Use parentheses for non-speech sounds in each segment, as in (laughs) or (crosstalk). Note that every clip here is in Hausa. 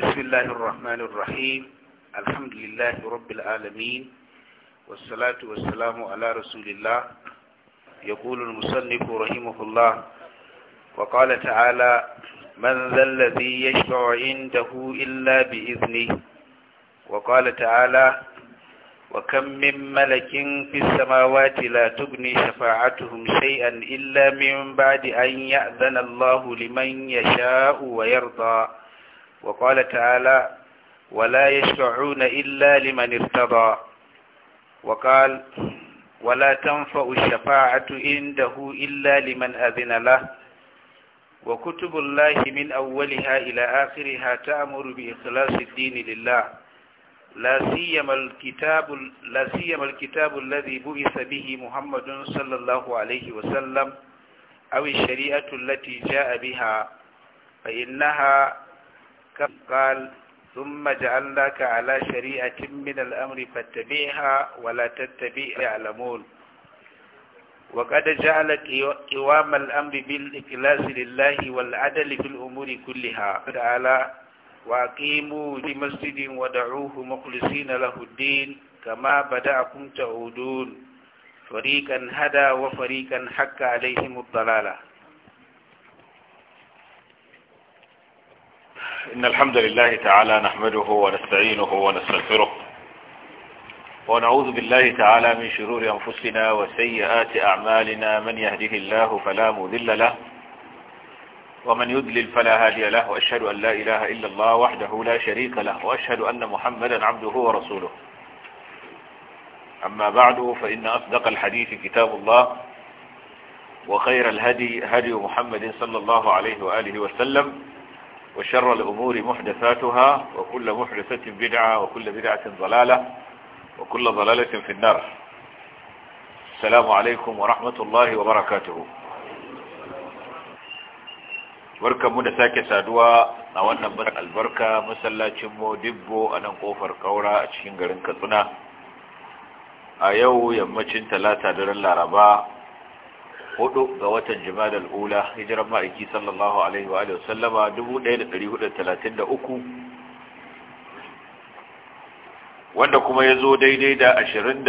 بسم الله الرحمن الرحيم الحمد لله رب العالمين والصلاة والسلام على رسول الله يقول المصنف رحمه الله وقال تعالى من ذا الذي يشفع عنده إلا بإذنه وقال تعالى وكم من ملك في السماوات لا تغني شفاعتهم شيئا إلا من بعد أن يأذن الله لمن يشاء ويرضى وقال تعالى ولا يشفعون إلا لمن ارتضى وقال ولا تنفع الشفاعة عنده إلا لمن أذن له وكتب الله من أولها إلى آخرها تأمر بإخلاص الدين لله لا سيما الكتاب لا سيما الكتاب الذي بعث به محمد صلى الله عليه وسلم أو الشريعة التي جاء بها فإنها قال ثم جعلناك على شريعة من الأمر فاتبعها ولا تتبع يعلمون وقد جعل قوام الأمر بالإخلاص لله والعدل في الأمور كلها تعالى وأقيموا لمسجد ودعوه مخلصين له الدين كما بدأكم تعودون فريقا هدى وفريقا حق عليهم الضلاله إن الحمد لله تعالى نحمده ونستعينه ونستغفره ونعوذ بالله تعالى من شرور أنفسنا وسيئات أعمالنا من يهده الله فلا مذل له ومن يدلل فلا هادي له وأشهد أن لا إله إلا الله وحده لا شريك له وأشهد أن محمدا عبده ورسوله أما بعد فإن أصدق الحديث كتاب الله وخير الهدي هدي محمد صلى الله عليه وآله وسلم وشر الأمور محدثاتها وكل محدثة بدعة وكل بدعة ضلالة وكل ضلالة في النار السلام عليكم ورحمة الله وبركاته barkan mu da sake saduwa a wannan bayan albarka masallacin modibbo a nan kofar kaura a cikin garin katsina a yau yammacin talata daren laraba hudu ga watan jima'a al'ula hijiran ma'aiki sallallahu alaihi wa sallama 1433 wanda kuma ya zo daidai da 27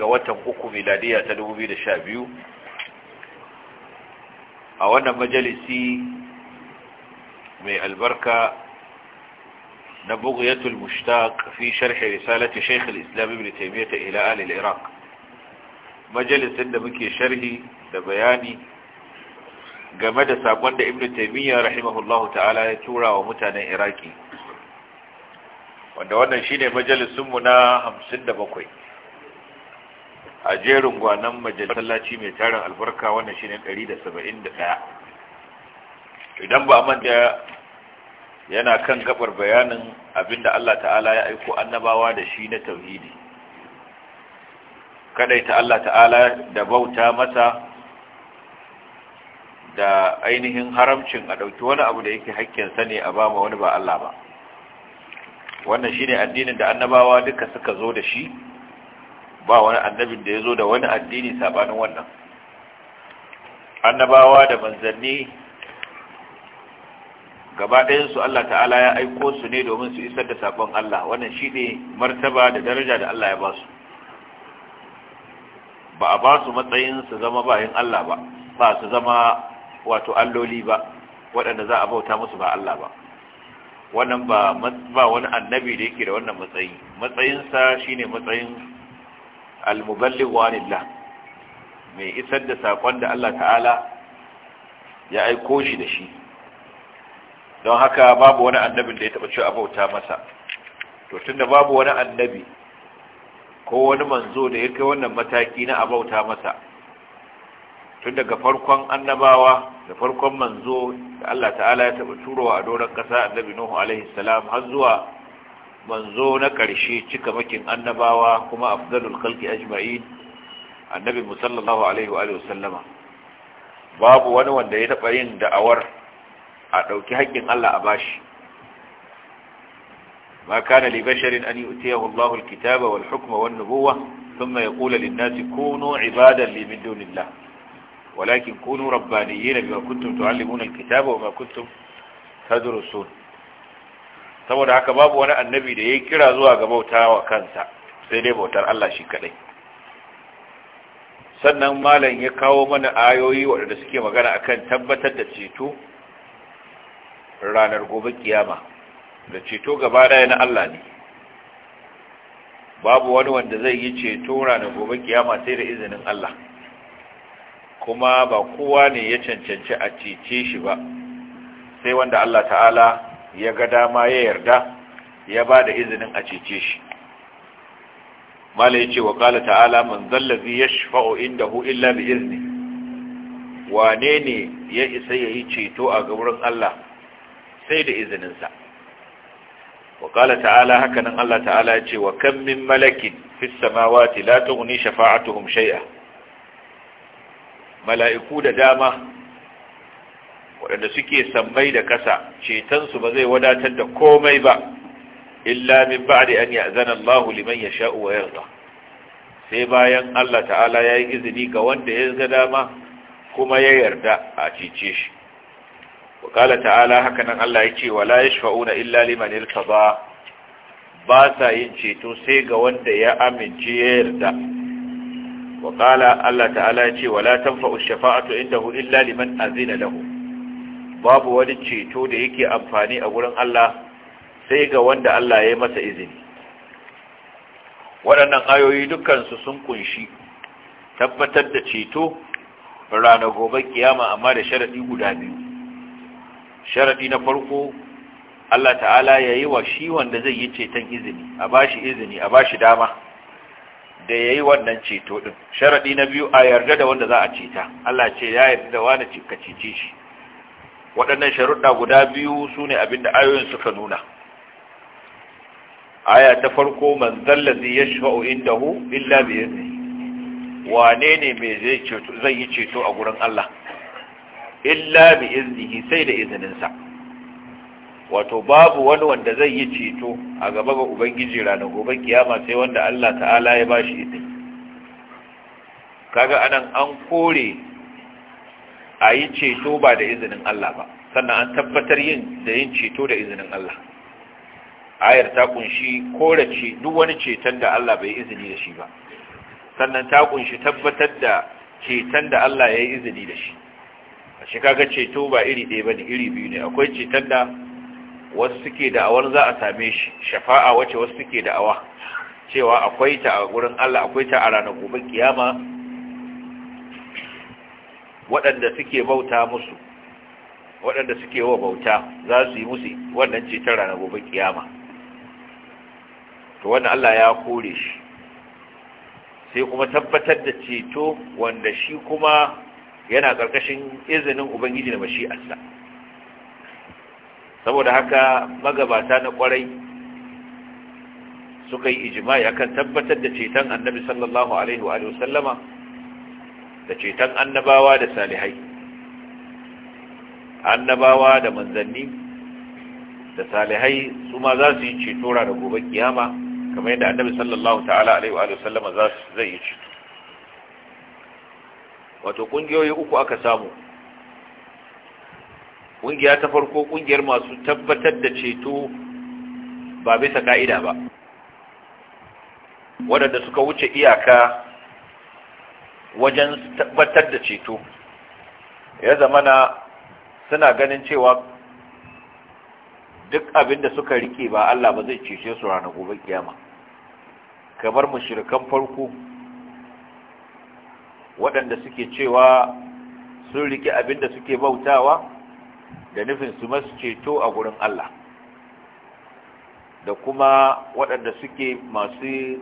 ga watan uku miladiya ta 2012 a wannan majalisi mai albarka na bugiyatul mushtaq fi sharhi risalati shaykh al-islam ibn taymiyyah ila ahli al-iraq majalisin da muke sharhi da bayani game da sakon da ibnu taymiya rahimahullahu ta'ala ya tura wa mutanen iraki wanda wannan shine majalisun mu na 57 a jerin gwanan masallaci mai tarin albarka wannan shine 171 idan ba manta yana kan gabar bayanin abinda Allah ta'ala ya aiko annabawa da shi na tauhidi kadaita Allah ta'ala da bauta masa da ainihin haramcin a ɗauki wani abu da yake hakkinsa ne a ba wani ba Allah ba wannan shine addinin da annabawa duka suka zo da shi ba wani annabin da ya zo da wani addini sabanin wannan annabawa da manzanni gaba ɗayansu Allah ta'ala ya aiko su ne domin su isar da saƙon Allah wannan shine martaba da daraja da Allah ya ba su ba a ba su matsayin su zama bayan Allah ba ba su zama wato alloli ba waɗanda za a bauta musu ba Allah ba wannan ba ba wani annabi da yake da wannan matsayi matsayinsa shine matsayin al-muballigh wanillah mai isar da sakon da Allah ta'ala ya aiko shi da shi don haka babu wani annabin da ya taba cewa bauta masa to tunda babu wani annabi ko wani manzo da ya kai wannan mataki na abauta masa tun daga farkon annabawa da farkon manzo da Allah ta'ala ya taɓa turowa a doron ƙasa annabi Nuhu alaihi salam har zuwa manzo na ƙarshe cika makin annabawa kuma afdalul khalqi ajma'in annabi musallallahu alaihi wa alihi wasallama babu wani wanda ya taɓa yin da'awar a ɗauki haƙƙin Allah a bashi ما كان لبشر أن يؤتيه الله الكتاب والحكم والنبوة ثم يقول للناس كونوا عبادا لي من دون الله ولكن كونوا ربانيين بما كنتم تعلمون الكتاب وما كنتم تدرسون saboda haka babu wani annabi da ya kira zuwa ga bautawa kansa sai dai bautar Allah shi kadai sannan malam ya kawo mana ayoyi waɗanda suke magana akan tabbatar da ceto ranar gobe kiyama da ceto gaba ɗaya na Allah ne babu wani wanda zai yi ceto ranar gobe kiyama sai da izinin Allah kuma ba kowa ne ya cancanci a cece shi ba sai wanda Allah ta'ala ya ga dama ya yarda ya ba da izinin a cece shi mala ya ce wa ta'ala man zallazi ya shafa'o inda hu illa bi izini wane ne ya isa ya yi ceto a wurin Allah sai da izininsa wa ƙala ta'ala hakanan Allah ta'ala ya ce wa kan min malakin fi samawati la tughni shafa'atuhum shay'a mala'iku da dama waɗanda suke sammai da ƙasa cetonsu ba zai wadatar da komai ba illa min ba'di an ya'zana Allahu liman yasha'u wa yarda sai bayan Allah ta'ala ya yi izini ga wanda ya ga dama kuma ya yarda a cice shi wa ta'ala hakanan Allah ya ce wala yashfa'una illa liman irtaba ba sa yin ceto sai ga wanda ya amince ya yarda wa Allah ta'ala ya ce wala tanfa'u shafa'atu indahu illa liman azina lahu babu wani ceto da yake amfani a gurin Allah sai ga wanda Allah ya yi masa izini waɗannan ayoyi dukkansu sun kunshi tabbatar da ceto rana gobe kiyama amma da sharaɗi guda biyu sharaɗi na farko Allah ta'ala ya yi wa shi wanda zai yi ceton izini a ba shi izini a ba shi dama da ya yi wannan ceto din sharadi na biyu a yarda da wanda za a ceta Allah ce ya yarda da wani ka cece shi waɗannan sharuɗa guda biyu sune abinda ayoyin suka nuna aya ta farko man zallazi yashfa'u indahu illa bi idnihi wane ne mai zai yi ceto a gurin Allah illa bi idnihi sai da izininsa wato babu wani wanda zai yi ceto a gaba ga ubangiji ranar gobe kiyama sai wanda Allah ta'ala ya bashi izini kaga anan an kore a yi ceto ba da izinin Allah ba sannan an tabbatar yin da yin ceto da izinin Allah ayar ta kunshi kore ce duk wani ceton da Allah bai izini da shi ba sannan ta kunshi tabbatar da ceton da Allah ya yi izini da shi a shi kaga ceto ba iri ɗaya ba ne iri biyu ne akwai ceton da wasu suke awar za a same shi shafa'a wace wasu suke da'awa cewa akwai ta a gurin Allah akwai ta a ranar gobe kiyama waɗanda suke bauta musu waɗanda suke wa bauta za su yi musu wannan ce ta ranar gobe kiyama to wannan Allah ya kore shi sai kuma tabbatar da ceto wanda shi kuma yana ƙarƙashin izinin Ubangiji da Allah saboda haka magabata na kwarai suka yi ijimai akan tabbatar da ceton annabi sallallahu alaihi wa sallama da ceton annabawa da salihai annabawa da manzanni da salihai su ma za su yi ceto da gobe kiyama kamar yadda annabi sallallahu ta'ala alaihi wa sallama zai yi ceto wato kungiyoyi uku aka samu ƙungiya ta farko ƙungiyar masu tabbatar da ceto ba bisa ka'ida ba waɗanda suka wuce iyaka wajen tabbatar da ceto ya zamana suna ganin cewa duk abinda da suka rike ba Allah ba zai cece su ranar gobe kiyama kamar mushrikan farko waɗanda suke cewa sun rike abinda suke bautawa da nufin su masu ceto a gurin Allah da kuma waɗanda suke masu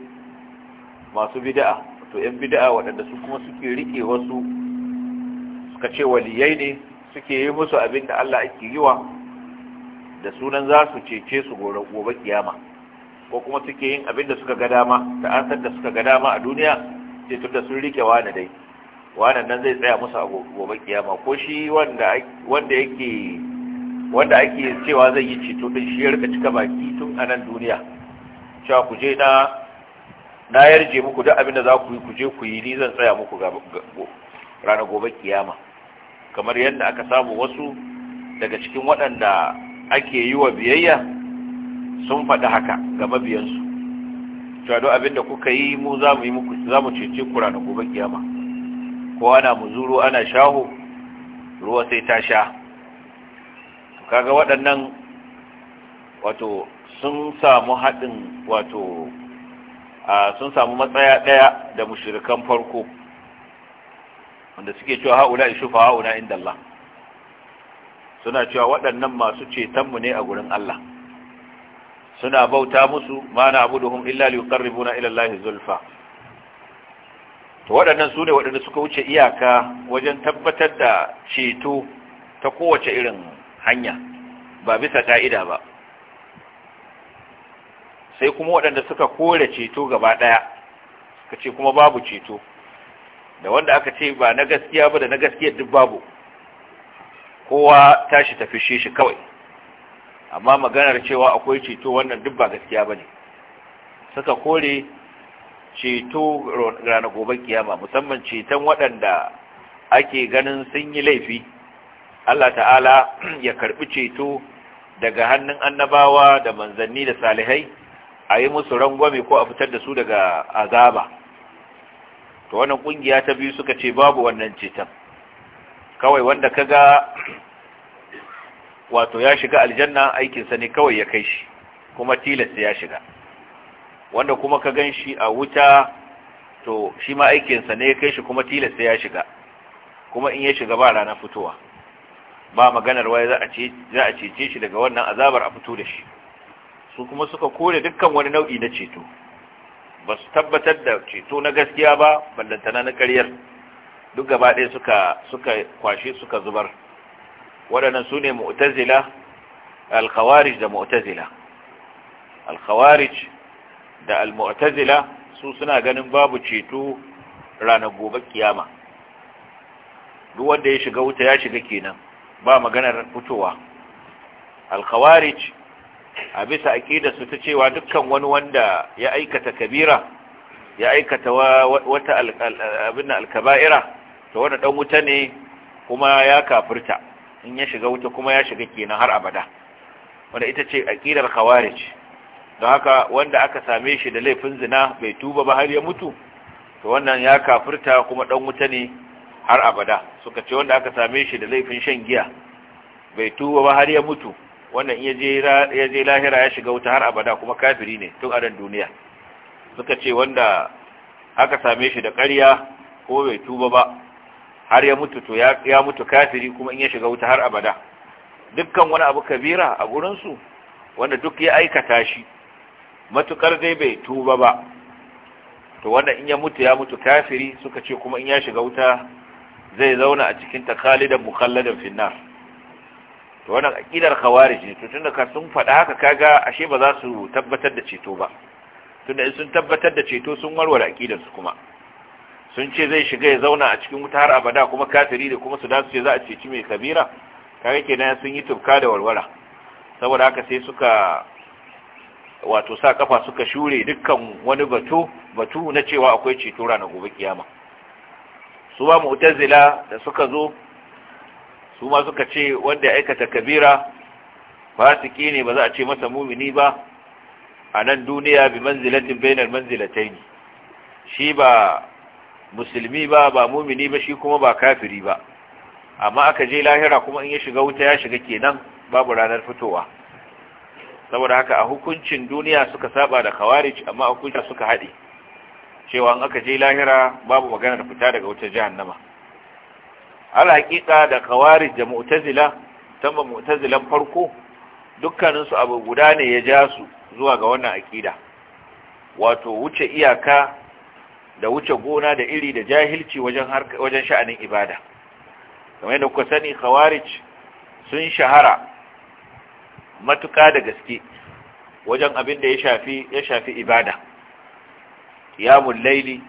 masu bida'a to yan bida'a waɗanda su kuma suke rike wasu suka ce waliyai ne suke yi musu abin da Allah ake yi wa da sunan za su cece su gobe kiyama ko kuma suke yin abin da suka ga dama da da suka ga dama a duniya ce tunda sun rike wani dai wannan nan zai tsaya musu a gobe kiyama ko shi wanda wanda yake wanda ake cewa zai yi ceto din shi ya rika cika baki tun a nan duniya cewa ku je na na yarje muku duk abin da za ku yi ku je ku yi ni zan tsaya muku ranar gobe kiyama kamar yadda aka samu wasu daga cikin waɗanda ake yi wa biyayya sun faɗi haka ga mabiyansu cewa duk abin da kuka yi mu za mu yi muku za mu cece ku ranar gobe kiyama ko ana muzuru ana shahu ruwa sai ta sha kaga waɗannan wato sun samu haɗin wato sun samu matsaya ɗaya da mushirikan farko wanda suke cewa ha'ula ishufa ha'una inda Allah suna cewa waɗannan masu mu ne a gurin Allah suna bauta musu ma na abuduhum illa liqarribuna ila Allah zulfa to waɗannan su ne waɗanda suka wuce iyaka wajen tabbatar da ceto ta kowace irin hanya ba bisa ƙa'ida ba sai kuma waɗanda suka kore ceto gaba ɗaya ka ce kuma babu ceto da wanda aka ce ba na gaskiya ba da na gaskiyar duk babu kowa tashi tafi shi shi kawai amma maganar cewa akwai ceto wannan duk ba gaskiya ba ne suka kore ceto rana gobe kiyama musamman ceton waɗanda ake ganin sun yi laifi Allah ta'ala (clears throat) ya karɓi ceto daga hannun annabawa da manzanni da salihai a yi musu rangwame ko a fitar da su daga azaba to wannan kungiya ta biyu suka ce babu wannan ceton kawai wanda kaga (clears throat) wato ya shiga aljanna aikinsa ne kawai ya kai shi kuma tilasta ya shiga wanda kuma ka gan shi a wuta to shi ma aikinsa ne ya kai shi kuma tilasta ya shiga kuma in ya shiga ba ranar fitowa ba maganar waya za a cece shi daga wannan azabar a fito da shi su kuma suka kore dukkan wani nau'i na ceto ba su tabbatar da ceto na gaskiya ba ballantana na karyar duk gaba ɗaya suka suka kwashe suka zubar waɗannan su ne mu'tazila al-khawarij da mu'tazila al-khawarij da al-mu'tazila su suna ganin babu ceto ranar gobe kiyama duk wanda ya shiga wuta ya shiga kenan ba maganar fitowa al-khawarij a bisa aqidarsu ta cewa dukkan wani wanda ya aikata kabira ya aikata wata abin al-kaba'ira to wanda dan wuta ne kuma ya kafirta in ya shiga wuta kuma ya shiga kenan har abada wanda ita ce aqidar khawarij don haka wanda aka same shi da laifin zina bai tuba ba har ya mutu to wannan ya kafirta kuma dan wuta ne har abada suka ce wanda aka same shi da laifin shan giya bai tuba ba har ya mutu wannan ya je lahira ya shiga wuta har abada kuma kafiri ne tun adan duniya suka ce wanda aka same shi da ƙarya ko bai tuba ba har ya mutu to ya mutu kafiri kuma in ya shiga wuta har abada dukkan wani abu kabira a gurinsu wanda duk ya aikata shi matukar dai bai tuba ba to wanda in ya mutu ya mutu kafiri suka ce kuma in ya shiga wuta zai zauna a cikin ta khalidan mukhalladan finnar to wannan aqidar khawarij ne to tunda ka sun faɗa haka kaga ashe ba za su tabbatar da ceto ba tunda in sun tabbatar da ceto sun warware aqidar su kuma sun ce zai shiga ya zauna a cikin wuta har abada kuma kafiri da kuma su da su ce za a ceci mai kabira kaga kenan sun yi tufka da warwara saboda haka sai suka wato sa kafa suka shure dukkan wani batu batu na cewa akwai ceto ranar gobe kiyama su ba mu'tazila da suka zo su ma suka ce wanda ya aikata kabira fasiki ne ba za a ce masa mumini ba a nan duniya bi manzilatin bainar manzilataini shi ba musulmi ba ba mumini ba shi kuma ba kafiri ba amma aka je lahira kuma in ya shiga wuta ya shiga kenan babu ranar fitowa saboda haka a hukuncin duniya suka saba da khawarij amma a hukuncin suka haɗi. cewa an aka je lahira babu magana da fita daga wutar jahannama al haƙiƙa da khawarij da mu'tazila tamma mu'tazilan farko dukkanin su abu guda ne ya ja su zuwa ga wannan akida wato wuce iyaka da wuce gona da iri da jahilci wajen wajen sha'anin ibada kamar yadda kuka sani khawarij sun shahara matuƙa da gaske wajen abin da ya shafi ibada qiyamul laili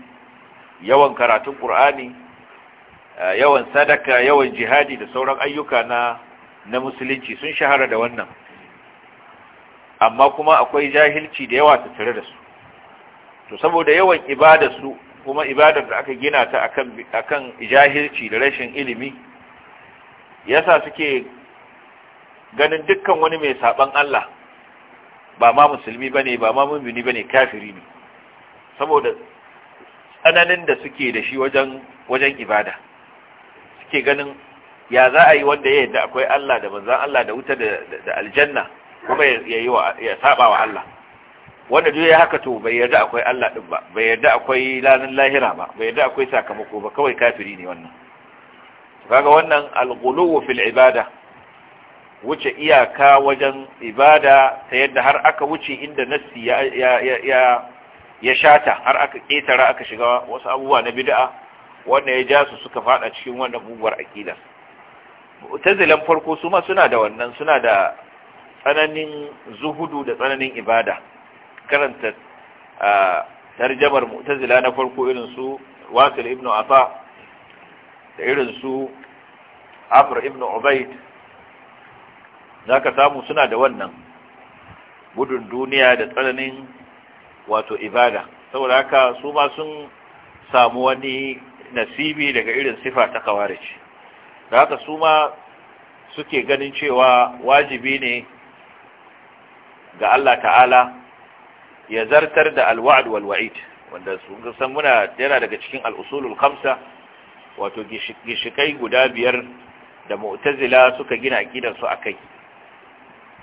yawan karatun qur'ani eh, yawan sadaka yawan jihadi da sauran ayyuka na na musulunci sun shahara da wannan amma kuma akwai jahilci da yawa tattare da su to saboda yawan ibada su kuma ibadar da aka gina ta akan akan jahilci da rashin ilimi yasa suke ganin dukkan wani mai saban Allah ba ma musulmi ne, ba ma ba ne, kafiri ne saboda tsananin da suke da shi wajen wajen ibada suke ganin ya za a yi wanda ya yadda akwai Allah da manzan Allah da wuta da aljanna kuma ya saba wa Allah wanda duk ya haka to bai yarda akwai Allah din ba bai yarda akwai lanin lahira ba bai yarda akwai sakamako ba kawai kafiri ne wannan kaga wannan al-ghuluw fil ibada wuce iyaka wajen ibada ta yadda har aka wuce inda nassi ya ya ya shata har aka ketara aka shiga wasu abubuwa na bid'a wanda ya ja su suka fada cikin wannan muguwar akida mu'tazilan farko su ma suna da wannan suna da tsananin zuhudu da tsananin ibada karanta tarjamar mu'tazila na farko irin su wasil ibn afa da irin su amr ibn ubayd za ka samu suna da wannan gudun duniya da tsananin wato ibada saboda haka su ma sun samu wani nasibi daga irin sifa ta kawarici da haka su ma suke ganin cewa wajibi ne ga Allah ta'ala ya zartar da alwa'ad walwa'id wanda sun san muna yana daga cikin al'usulul khamsa wato gishikai guda biyar da mu'tazila suka gina su akai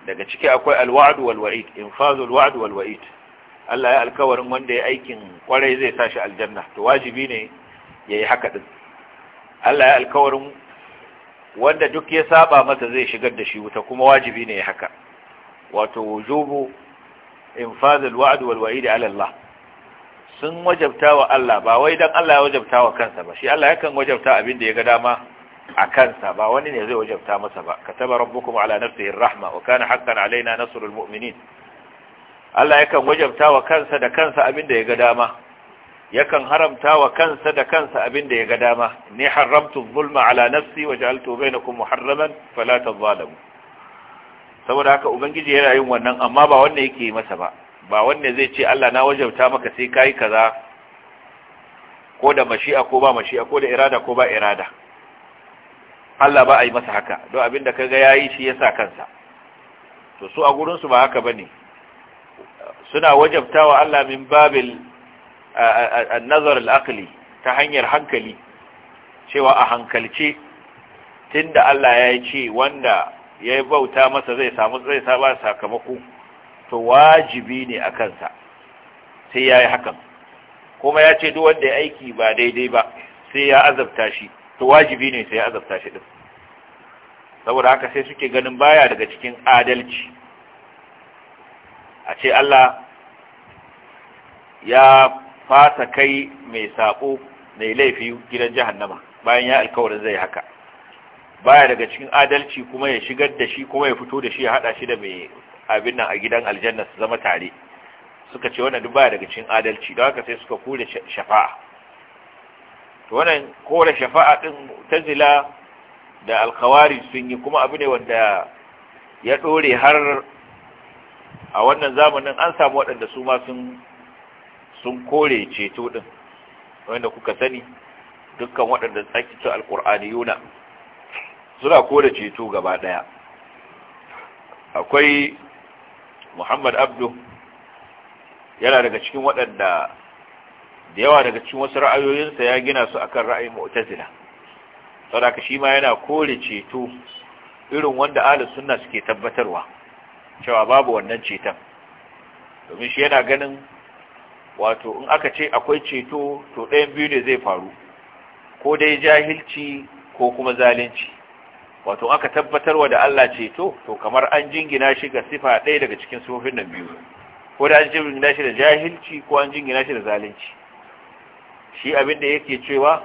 daga ciki akwai alwa'du wal wa'id infazu alwa'adu wal wa'id Allah ya alkawarin wanda ya aikin kwarai zai sa shi aljanna to wajibi ne yayi haka din Allah ya alkawarin wanda duk ya saba masa zai shigar da shi wuta kuma wajibi ne ya haka wato wujubu infaz alwa'd wal wa'id ala Allah sun wajabta wa Allah ba wai dan Allah ya wajabta wa kansa ba shi Allah yakan wajabta abin da ya ga dama a kansa ba wani ne zai wajabta masa ba kataba rabbukum ala nafsihi rahma wa kana haqqan alaina nasrul mu'minin Allah yakan wajabta wa kansa da kansa abinda ya ga dama yakan haramta wa kansa da kansa abinda ya ga dama ni haramtu zulma ala nafsi wa ja'altu bainakum muharraman fala tadhalamu saboda haka ubangiji yana yin wannan amma ba wanda yake masa ba ba wanda zai ce Allah na wajabta maka sai kai kaza ko da mashi'a ko ba mashi'a ko da irada ko ba irada Allah ba a yi masa haka don abin da kaga yayi shi yasa kansa to su a gurinsu ba haka bane suna wajabtawa Allah min babil an-nazar al-aqli ta hanyar hankali cewa a hankalce tunda Allah ya ce wanda ya bauta masa zai samu zai saba sakamako to wajibi ne a kansa sai ya yi hakan kuma ya ce duk wanda ya aiki ba daidai ba sai ya azabta shi to wajibi ne sai azabta shi din saboda haka sai suke ganin baya daga cikin adalci a ce Allah ya fasa kai mai sako mai laifi gidan jahannama bayan ya alkawarin zai haka baya daga cikin adalci kuma ya shigar da shi kuma ya fito da shi ya hada shi da mai abin nan a gidan aljanna su zama tare suka ce wannan duk baya daga cikin adalci don haka sai suka kure shafa'a to wannan kore shafa'a din zila da alkhawari sun yi kuma abu ne wanda ya dore har a wannan zamanin an samu waɗanda su ma sun sun kore ceto din wanda kuka sani dukkan waɗanda tsakito yuna suna kore ceto gaba ɗaya. akwai Muhammad Abdu yana daga cikin waɗanda da yawa daga cikin wasu ra'ayoyinsa ya gina su akan ra'ayin mu'tazila saboda shi ma yana kore ceto irin wanda ahlus sunna suke tabbatarwa cewa babu wannan ceton domin shi yana ganin wato in aka ce akwai ceto to ɗayan biyu ne zai faru ko dai jahilci ko kuma zalunci wato aka tabbatarwa da Allah ceto to kamar an jingina shi ga sifa ɗaya daga cikin sufofin nan biyu ko da an jingina shi da jahilci ko an jingina shi da zalunci shi abin da yake cewa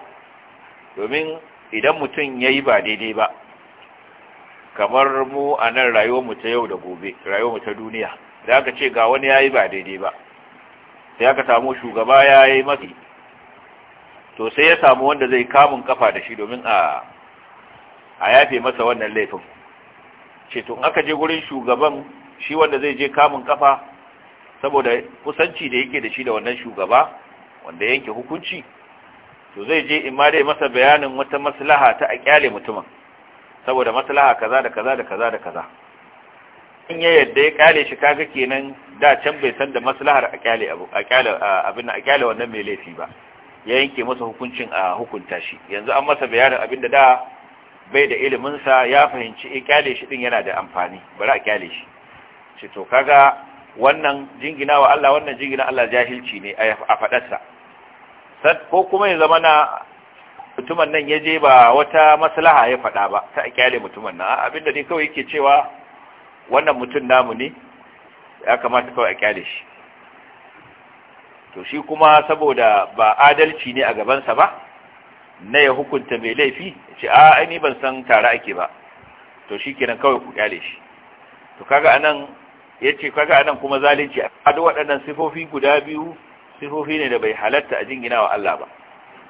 domin idan mutum ya yi ba daidai ba kamar mu a nan rayuwarmu ta yau da gobe rayuwarmu ta duniya da aka ce ga wani ya yi ba daidai ba sai aka samu shugaba ya yi mafi to sai ya samu wanda zai kamun kafa da shi domin a a yafe masa wannan laifin ce tun aka je wurin shugaban shi wanda zai je kamun kafa saboda kusanci da yake da shi da wannan shugaba wanda yanke hukunci to zai je in ma dai masa bayanin wata maslaha ta a kyale mutumin saboda maslaha kaza da kaza da kaza da kaza in ya yadda ya kyale shi kaga kenan da can bai san da maslahar a kyale abu a kyale abin a kyale wannan mai laifi ba ya yanke masa hukuncin a hukunta shi yanzu an masa bayanin abin da da bai da ilimin sa ya fahimci ya kyale shi din yana da amfani bari a kyale shi ce to kaga wannan jingina wa Allah wannan jingina Allah jahilci ne a faɗarsa. ko kuma ya zama na mutumin nan ya je ba wata maslaha ya faɗa ba ta a kyale mutumin nan abinda ne kawai yake cewa wannan mutum namu ne ya kamata kawai a kyale shi to shi kuma saboda ba adalci ne a gabansa ba na ya hukunta mai laifi ce a ni ban san tare ake ba to shi kenan kawai ku kyale shi to kaga anan yace kaga anan kuma zalunci a duk waɗannan sifofi guda biyu sifofi ne da bai halatta a jingina wa Allah ba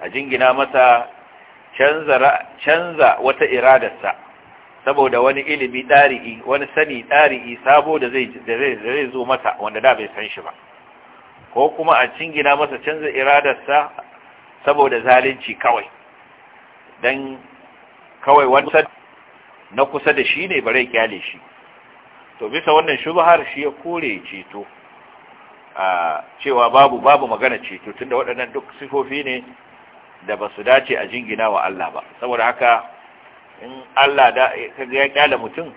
a jingina masa canza wata iradarsa saboda wani ilimi ɗari'i wani sani ɗari'i sabo da zai zo mata wanda da bai san shi ba ko kuma a jingina masa canza iradarsa saboda zalunci kawai don kawai wani na kusa da shi ne bare kyale shi to bisa wannan shubhar shi ya kore ceto A cewa babu babu magana ceto tunda waɗannan duk sifofi ne da ba su dace a jingina wa Allah ba saboda haka in Allah da kaga ya kyale mutum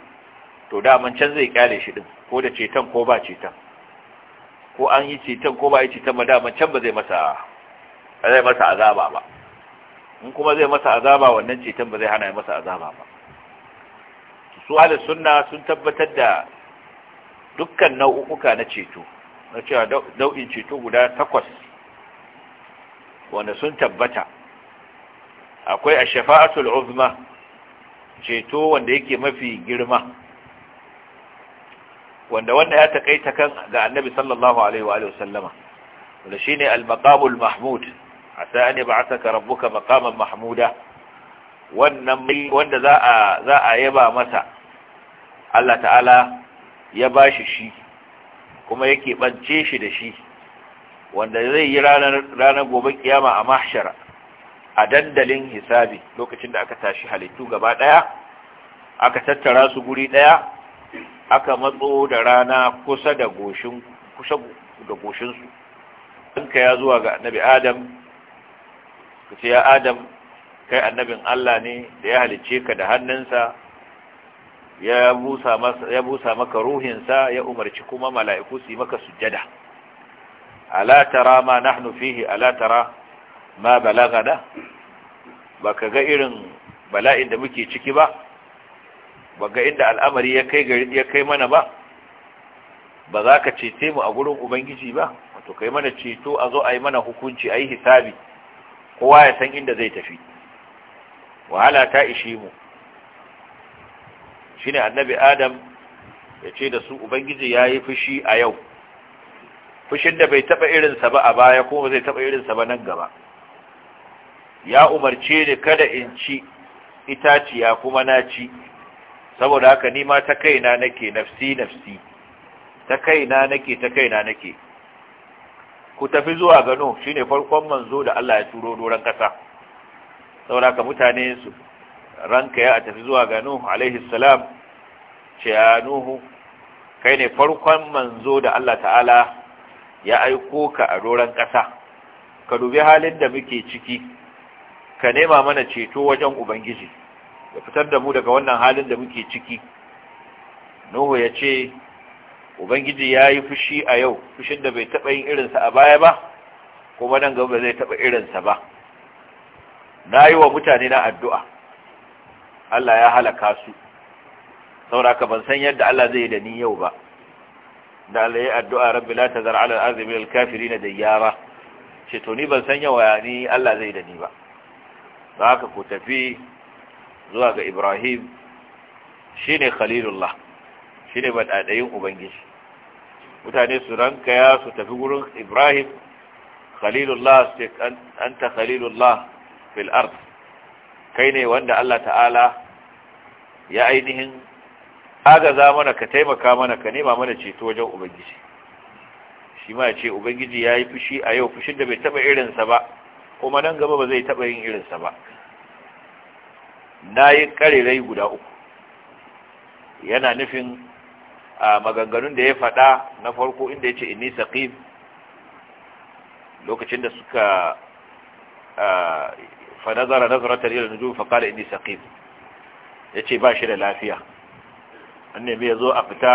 to daman can zai kyale shi din ko da ceton ko ba ceton ko an yi ceton ko ba yi ceton ba daman can ba zai masa zai masa azaba ba in kuma zai masa azaba wannan ceton ba zai hana masa azaba ba su ahlus sunna sun tabbatar da dukkan nau'uka na ceto na cewa nau'in ceto guda takwas wanda sun tabbata akwai a shafa'atul uzma ceto wanda yake mafi girma wanda wanda ya takaita kan ga annabi sallallahu alaihi wa sallama wanda shine al-maqamul mahmud asa an yab'athaka rabbuka maqaman mahmuda wannan mai wanda za a za a yaba masa Allah ta'ala ya bashi shi kuma yake bance shi da shi wanda zai yi ranar gobe kiyama a mahshara a dandalin hisabi lokacin da aka tashi halittu gaba daya aka tattara su guri daya aka matso da rana kusa da goshin kusa da goshin su ɗanka ya zuwa ga annabi adam kace ya adam kai annabin Allah ne da ya halicce ka da hannunsa ya busa maka ruhinsa ya umarci kuma mala'iku su yi maka sujjada ala tara ma nahnu fihi ala tara ma Ba baka ga irin bala'in da muke ciki ba baka inda al'amari ya kai mana ba ba za ka cece mu a gurin ubangiji ba wato kai mana ceto a zo a yi mana hukunci a yi hisabi kowa ya san inda zai tafi wahala ta ishe mu shine annabi adam ya ce da su ubangiji ya yi fushi a yau fushin da bai taba irinsa ba a baya kuma zai taba irinsa ba nan gaba ya umarce ni kada in ci itaciya kuma na ci saboda haka nima ta kaina nake nafsi nafsi ta kaina nake ta kaina nake ku tafi zuwa gano shine farkon manzo da Allah ya turo doron kasa saboda haka mutane su ranka ya tafi zuwa ga Nuhu alaihi salam ce ya Nuhu kai ne farkon manzo da Allah ta'ala ya aiko ka a doron ƙasa ka dubi halin da muke ciki ka nema mana ceto wajen ubangiji ya fitar da mu daga wannan halin da muke ciki Nuhu ya ce ubangiji ya yi fushi a yau fushin da bai taɓa yin irinsa a baya ba kuma nan gaba zai taɓa irinsa ba na yi wa mutane na addu'a Allah ya halaka su sauraka ban san yadda Allah zai da ni yau ba da Allah ya addu'a rabbi la tazar ala al-ardi min al-kafirin dayyara ce to ni ban san yawa ni Allah zai da ni ba haka ku tafi zuwa ga Ibrahim shine khalilullah shine badadayin ubangiji mutane su ranka ya su tafi gurin Ibrahim khalilullah anta khalilullah fil ardh kai ne wanda Allah ta'ala ya ainihin agaza mana ka taimaka mana ka nema mana ceto wajen ubangiji shi ma ya ce ubangiji ya yi fushi a yau fushin da bai taɓa irinsa ba kuma nan gaba ba zai taɓa yin irinsa ba na yi ƙarerai guda uku yana nufin a maganganun da ya faɗa na farko inda ya ce inni saƙif lokacin da suka fa nazara nazratan ila nujum fa qala inni saqim yace ba shi da lafiya annabi yazo a fita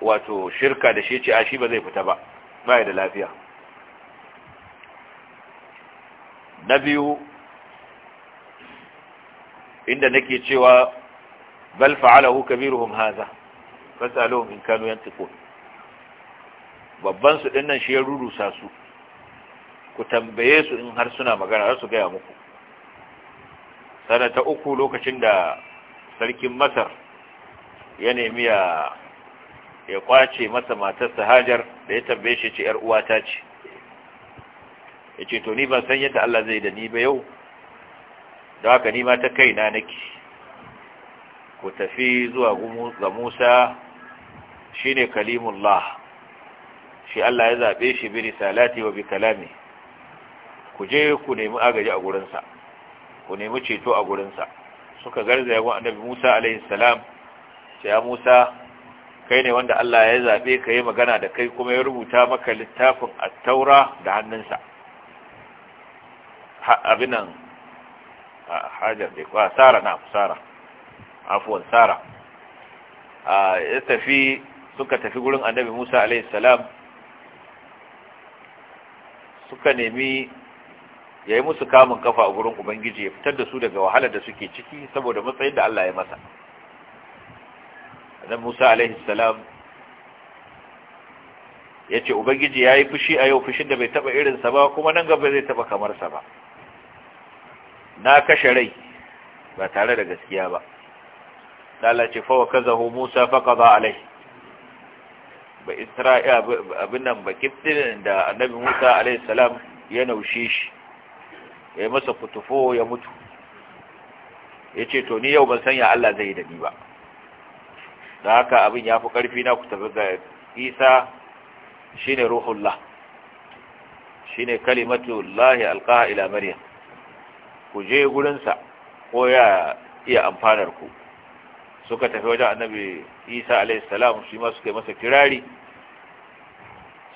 wato shirka da shi yace a shi ba zai fita ba ba da lafiya na biyu inda cewa bal fa'alahu babban su dinnan shi ya rurusa su ku tambaye su in har suna magana har su gaya muku sana uku lokacin da sarkin masar ya nemi ya kwace masa matarsa hajar da ya tambaye shi ce 'yar uwata ce ya ce to ni ban san yadda Allah zai da ni ba yau da haka ni ma ta na nake ku tafi zuwa ga Musa shine kalimullah shi Allah ya zaɓe shi bi risalati wa bi kalami ku je ku nemi agaji a gurinsa ku nemi ceto a gurinsa suka garzaya wa annabi Musa alaihi salam ya Musa kai ne wanda Allah ya zabe ka yi magana da kai kuma ya rubuta maka littafin at-taura da hannunsa abinan hajar dai kwa sara na sara afuwan sara ya tafi suka tafi gurin annabi Musa alaihi salam suka nemi ya yi musu kamun kafa a gurin ubangiji ya fitar da su daga wahalar da suke ciki saboda matsayin da Allah ya masa nan musa alaihissalam ya ce ubangiji ya yi fushi a yau fushin da bai taba irinsa ba kuma nan gaba zai taba kamarsa ba na kashe rai ba tare da gaskiya ba lalace fawa zaho musa faqada alai. ba Isra’i abin nan ba kiftin da annabi musa alaihissalam ya naushe shi ya masa kutufo ya mutu ya ce to ni yau ban sanya Allah zai yi da ni ba da haka abin ya fi ƙarfi na ku tafi ga isa shi ne ruhullah shi ne kalimatullahi alƙaha ila maryam ku je gurinsa ko ya iya amfanar ku suka tafi wajen annabi isa alaihissalam shi ma suka masa kirari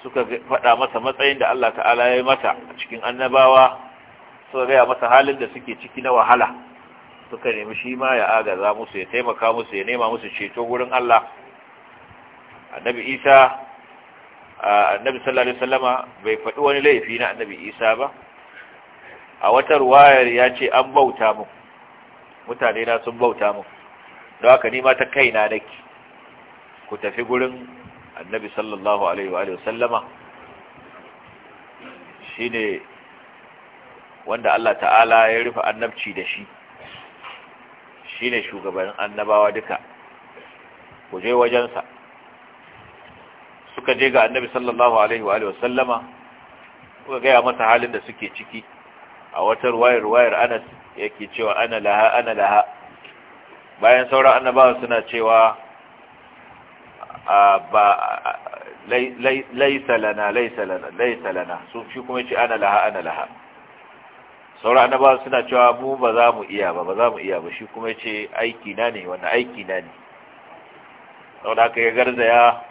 suka faɗa masa matsayin da Allah ta'ala ya yi masa cikin annabawa suka gaya masa halin da suke ciki na wahala suka nemi shi ma ya agaza musu ya taimaka musu ya nema musu ceto gurin Allah annabi isa annabi sallallahu alaihi wasallama bai faɗi wani laifi na annabi isa ba a wata ruwayar ya ce an bauta mu mutane na sun bauta mu don haka nima ta kaina nake ku tafi gurin annabi sallallahu alaihi wa sallama shine wanda Allah ta'ala ya rufe annabci da shi shi ne shugaban annabawa duka ku je wajensa suka je ga annabi sallallahu alaihi wa sallama suka gaya masa halin da suke ciki a wata ruwayar ruwayar anas yake cewa ana laha ana laha bayan sauran annabawa suna cewa ba laisa lana laisa lana laisa lana su shi kuma ce ana laha ana laha sauran annaba suna cewa mu ba za mu iya ba ba za mu iya ba shi kuma ya ce aiki na ne wani aiki na ne sau da aka ya garzaya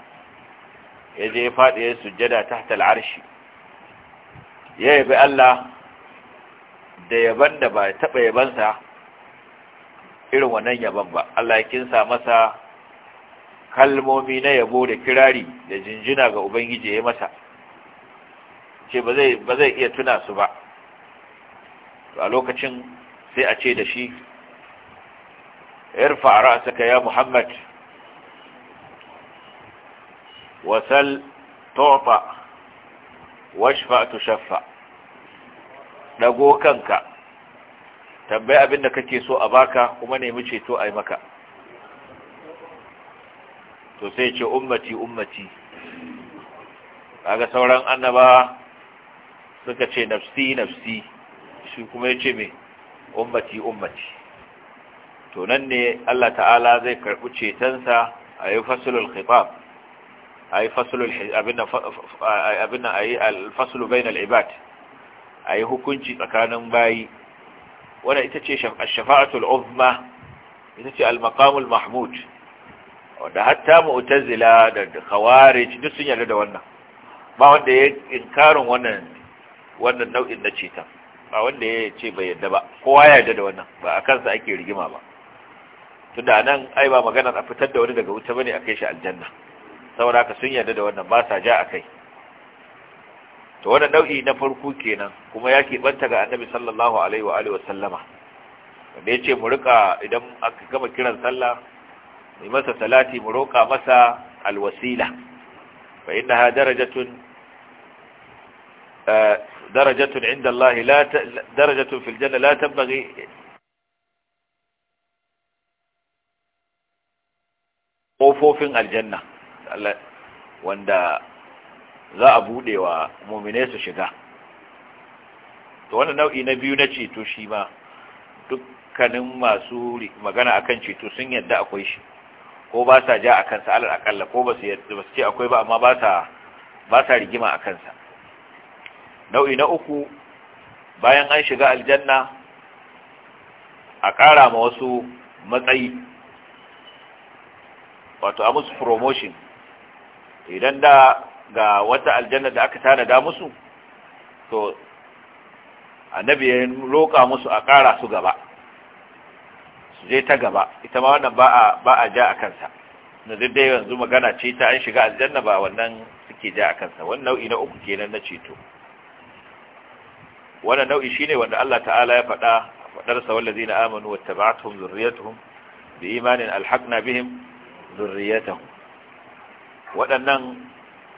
ya je ya faɗi ya sujjada ta hatar arshi ya yabi Allah da yaban da ba ya taɓa yabansa irin wannan yaban ba Allah ya kinsa masa kalmomi na yabo da kirari da jinjina ga Ubangiji ya masa ce ba zai iya tuna su ba a lokacin sai a ce da shi irfa ra'saka ya muhammad wasal tu'ta washfa tushaffa dago kanka tambayi abin da kake so a baka kuma nemi ceto a yi maka to sai ce ummati ummati kaga sauran annaba suka ce nafsi nafsi shi kuma ya ce mai ummati ummati to nan ne Allah ta'ala zai karɓi cetonsa a yi fasulul khitab a yi fasulul abin a yi alfasulu bain al'ibad a yi hukunci tsakanin bayi wadda ita ce shafa'atul uzma ita ce al-maqamul mahmud wadda hatta mu'tazila da khawarij duk sun yarda da wannan ba wanda ya inkarin wannan wannan nau'in na cetan ba wanda ya ce bai yadda ba kowa ya yarda da wannan ba a kansa ake rigima ba tunda nan ai ba magana a fitar da wani daga wuta bane a kai shi aljanna saboda haka sun yarda da wannan ba sa ja a kai to wannan nau'i na farko kenan kuma ya banta ga annabi sallallahu alaihi wa alihi wasallama wanda yace mu rika idan aka gama kiran sallah mu masa salati mu roka masa alwasila fa innaha darajatun eh, درجة عند الله لا ت... درجة في الجنة لا تنبغي ƙofofin aljanna wanda za a buɗe wa mummine su shiga to wani nau'i na biyu na ceto shi ma dukkanin masu magana akan ceto sun yadda akwai shi ko ba sa ja a kansa alal akalla ko ba su ce akwai ba amma ba sa rigima a kansa nau'i na uku bayan an shiga aljanna a ƙara ma wasu matsayi wato a musu promotion idan da ga wata aljanna da aka tanada musu to annabi ya roƙa musu a ƙara su gaba su je ta gaba ita ma wannan ba a ja a kansa na daidai yanzu magana ce ta an shiga aljanna ba wannan suke ja a kansa wannan nau'i na uku kenan na ceto wannan nau'i shine wanda Allah ta'ala ya faɗa faɗar sa wallazina amanu wattaba'atuhum zurriyatuhum bi imanin alhaqna bihim zurriyatuhum waɗannan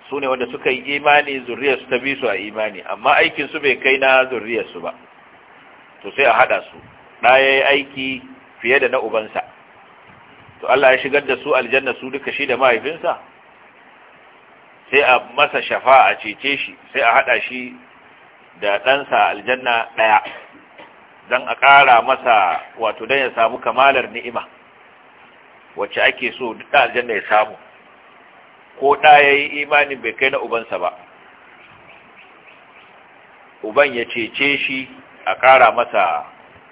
su ne wanda suka yi imani zurriyar su ta bi su a imani amma aikin su bai kai na zurriyar su ba to sai a hada su ɗaya ya aiki fiye da na ubansa to Allah ya shigar da su aljanna su duka shi da mahaifinsa sai a masa shafa a cece shi sai a hada shi da ɗansa aljanna ɗaya don a ƙara masa wato don ya samu kamalar ni'ima wacce ake so duk da aljanna ya samu ko ɗa ya yi imanin bai kai na ubansa ba uban ya cece shi a ƙara masa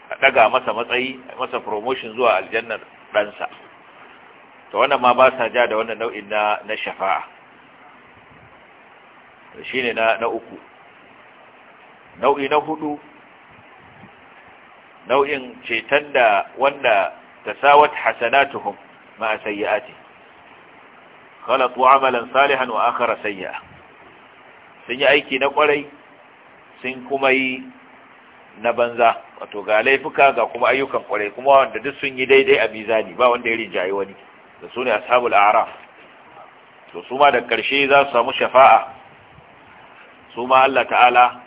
a ɗaga masa matsayi masa promotion zuwa aljannar ɗansa ta wannan ma ba sa ja da wannan nau'in na shafa'a shi ne na uku nau'i na hudu nau'in ceton da wanda tasawat hasanatuhum ma'a sayyi'ati khalatu amalan salihan wa akhara sayya sun yi aiki na kwarai sun kuma yi na banza wato ga laifuka ga kuma ayyukan kwarai kuma wanda duk sun yi daidai a mizani ba wanda ya rinjaye wani da su ne ashabul araf to su ma da karshe za su samu shafa'a su ma Allah ta'ala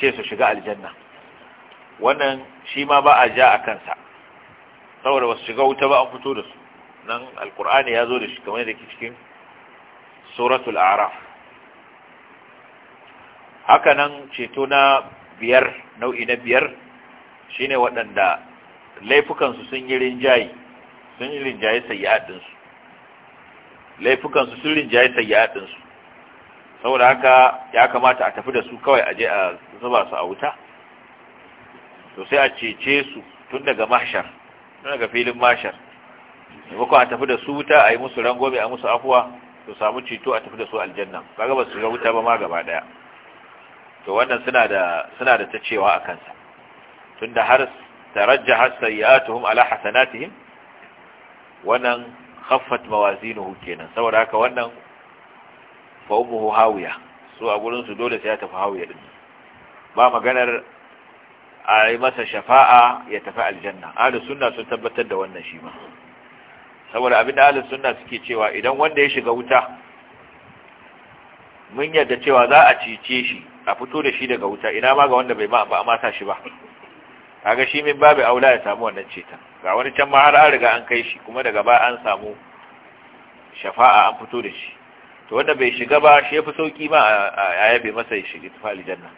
ce su shiga aljanna wannan shi ma ba a ja a kansa saboda wasu shiga wuta ba an fito da su nan alkur'ani ya zo da shi kamar da ke cikin suratul araf haka nan ceto na biyar nau'i na biyar shine waɗanda laifukansu sun yi rinjaye sun yi rinjaye sayyi'atinsu laifukansu sun rinjaye sayyi'atinsu saboda haka ya kamata a tafi da su kawai a je a zuba su a wuta to sai a cece su tun daga mashar tun daga filin mashar maimakon a tafi da su wuta a yi musu rangomi a musu afuwa to samu ceto a tafi da su aljanna kaga ba su ga wuta ba ma gaba daya to wannan suna da suna da ta cewa a kansa Tun da har tarajjaha sayyatuhum ala hasanatihim wannan khaffat mawazinuhu kenan saboda haka wannan fa hawiya su a gurin dole sai ya tafi hawiya din ba maganar a yi masa shafa'a ya tafi aljanna ahlus sunna sun tabbatar da wannan shi ma saboda abin da ahlus sunna suke cewa idan wanda ya shiga wuta mun yarda cewa za a cice shi a fito da shi daga wuta ina ma ga wanda bai ba a mata shi ba kaga shi min babu aula ya samu wannan ceta ga wani can ma har an riga an kai shi kuma daga ba an samu shafa'a an fito da shi to wanda bai shiga ba shi ya fi sauki ma a yabe masa ya shiga tafi aljanna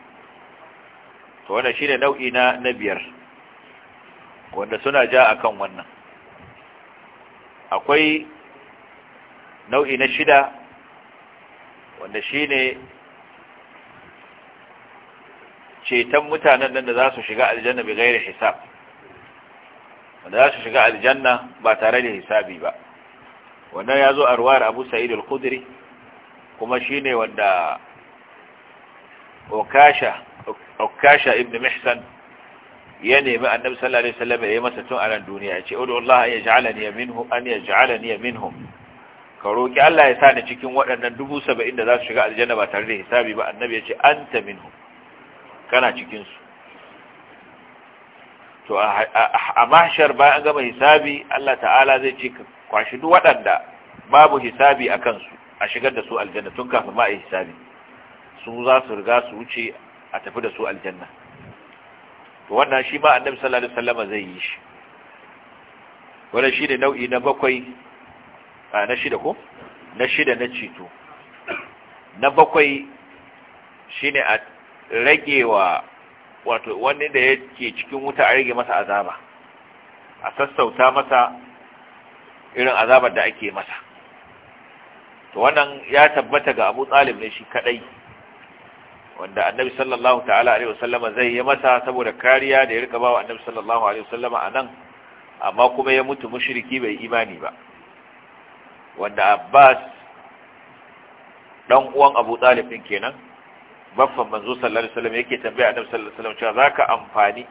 to shi ne nau'i na na biyar wanda suna ja a kan wannan akwai nau'i na shida wanda shi ne ceton mutanen nan da za su shiga aljanna bai gaira hisab wanda za su shiga aljanna ba tare da hisabi ba wannan ya zo a ruwa abu sa'id al-khudri kuma shi ne wanda Okasha ibn Mihsan ya nemi Annabi sallallahu alaihi wasallam ya yi masa tun a ran duniya ya ce ud'u Allah ya ja'alani minhum an yaj'alani minhum ka roki Allah ya sa ni cikin waɗannan 70 da za su shiga aljanna ba tare da hisabi ba Annabi ya ce anta minhum kana cikin su to a mahshar bayan gama hisabi Allah ta'ala zai ce kwashi duk waɗanda babu hisabi a kansu a shigar da su aljanna tun kafin ma a hisabi su za su riga su wuce a tafi da su aljanna to wannan shi ma annabi sallallahu alaihi wasallam zai yi shi shi da nau'i na bakwai a na shida ko na shida na cito na bakwai shine a ragewa wato wani da yake cikin wuta a rage masa azaba a sassauta masa irin azabar da ake masa to wannan ya tabbata ga Abu Talib ne shi kadai wanda Annabi sallallahu ta'ala alaihi wasallama zai yi masa saboda kariya da ya rika bawa Annabi sallallahu alaihi wasallama anan amma kuma ya mutu mushriki bai imani ba wanda Abbas dan uwan Abu Talib din kenan baffan manzo sallallahu alaihi wasallam yake tambaya Annabi sallallahu alaihi wasallam cewa zaka amfani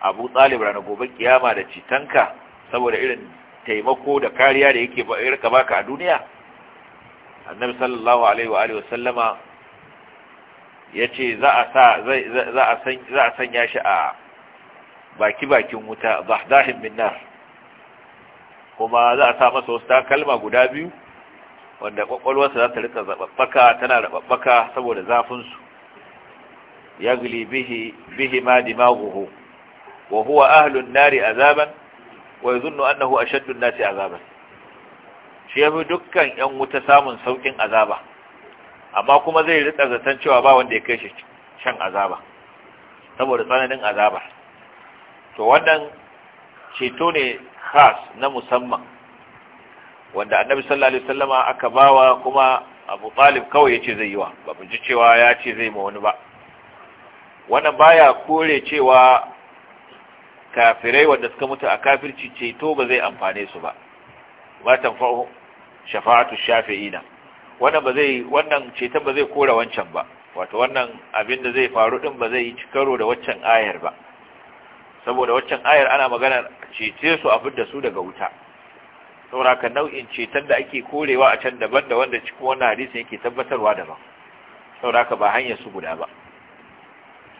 Abu Talib ranar gobe kiyama da citanka saboda irin taimako da kariya da yake ba rika baka a duniya annabi sallallahu alaihi wa sallama ya ce, za a san sanya shi a baki bakin wuta zahdahin kuma za a sa masa wasu takalma guda biyu wanda kwakwalwarsa za ta rika zaɓaɓɓaka tana rababbaka saboda zafin su yagli bihi bihi ma dimaguhu wa huwa ahlun nari azaban wa yadhunnu annahu ashaddu an-nasi azaban shi ya dukkan ‘yan wuta samun sauƙin azaba amma kuma zai rika zaton cewa ba wanda ya kai shi shan azaba saboda tsananin azaba to wannan ceto ne khas na musamman wanda annabi sallallahu alaihi wasallama aka bawa kuma abu talib kawai yace zai yi wa ba ji cewa ya ce zai ma wani ba wannan baya kore cewa kafirai wanda suka mutu a kafirci ceto ba zai amfane su ba ba tanfa'u shafa'atu shafi'ina wannan ba zai wannan ceton ba zai kora wancan ba wato wannan abin da zai faru din ba zai yi karo da waccan ayar ba saboda waccan ayar ana magana cece su abin da su daga wuta saboda kan nau'in ceton da ake korewa a can daban da wanda cikin wannan hadisi yake tabbatarwa daban saboda ka ba hanyar su guda ba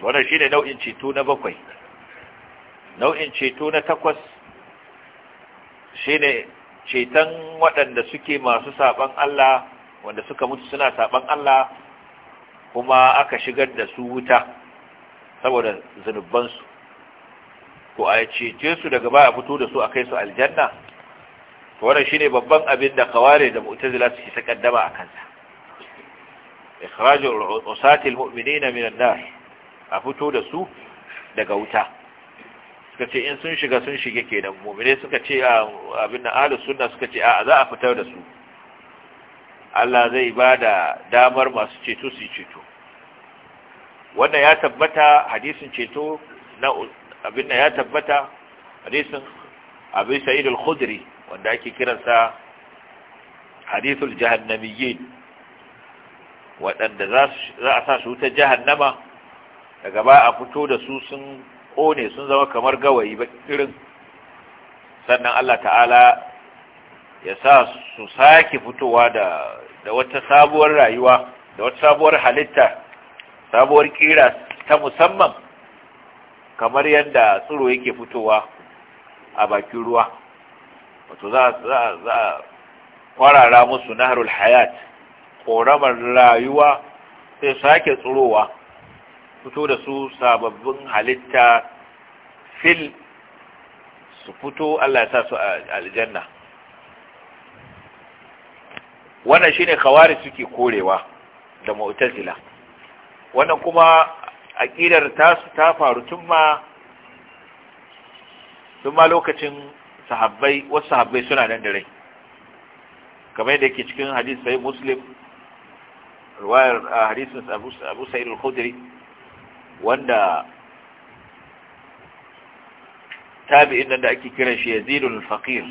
wannan shine nau'in ceto na bakwai nau'in ceto na takwas shine ceton waɗanda suke masu saban Allah wanda suka mutu suna saban Allah kuma aka shigar da su wuta saboda zunubansu ko a cece su daga baya fito da su a kai su aljanna to wannan shine babban abin da kaware da mu'tazila suke ta kaddama a kansa ikhrajul usati almu'minina minan nar a fito da su daga wuta suka ce in sun shiga sun shige kenan mu'mine suka ce ah, abin da ahlus sunna suka ce a za a fitar da su Allah zai bada damar masu ceto su ceto wannan ya tabbata hadisin ceto na abin da ya tabbata hadisin abin sa'id al-khudri wanda ake kiransa hadithul jahannamiyyin waɗanda za a sa su ta jahannama daga ba a fito da su sun kone sun zama kamar gawayi ba irin sannan Allah ta'ala ya sa su sake fitowa da da wata sabuwar rayuwa da wata sabuwar halitta sabuwar kira ta musamman kamar yadda tsiro yake fitowa a bakin ruwa wato za za za kwarara musu naharul hayat ƙoramar rayuwa sai sake tsirowa fito da su sababbin halitta fil su fito Allah ya sa su a aljanna wannan shine kawari suke korewa da mu'tazila wannan kuma aqidar su ta faru tun ma tun ma lokacin sahabbai wasu sahabbai suna nan da rai kamar yadda yake cikin hadisi sai muslim ruwayar ah, hadisin abu sa'id al-khudri wanda tabi'in nan da ake kiran shi yazid al-faqir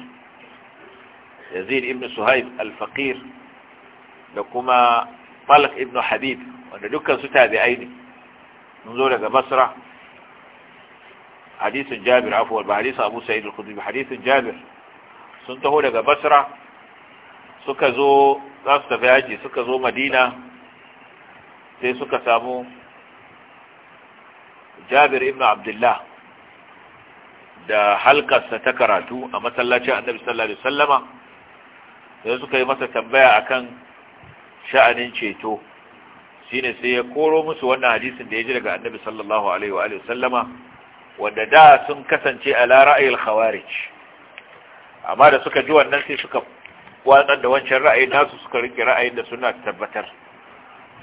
yazid ibn suhaib al-faqir da kuma falak ibn habib wanda dukkan su tabi'ai ne mun zo daga basra hadisin jabir afuwar ba hadisin abu sa'id al-khudri ba hadisin jabir sun taho daga basra suka zo za su tafi yaji suka zo madina sai suka samu jabir ibn abdullah da halkarsa ta karatu a masallacin annabi sallallahu alaihi wasallama sai suka yi masa tambaya akan sha'anin ceto shine sai ya koro musu wannan hadisin da ya ji daga annabi sallallahu alaihi wa alihi wasallama wanda da sun kasance a ra'ayil khawarij amma da suka ji wannan sai suka watsar da wancan ra'ayi nasu suka rike ra'ayin da suna tabbatar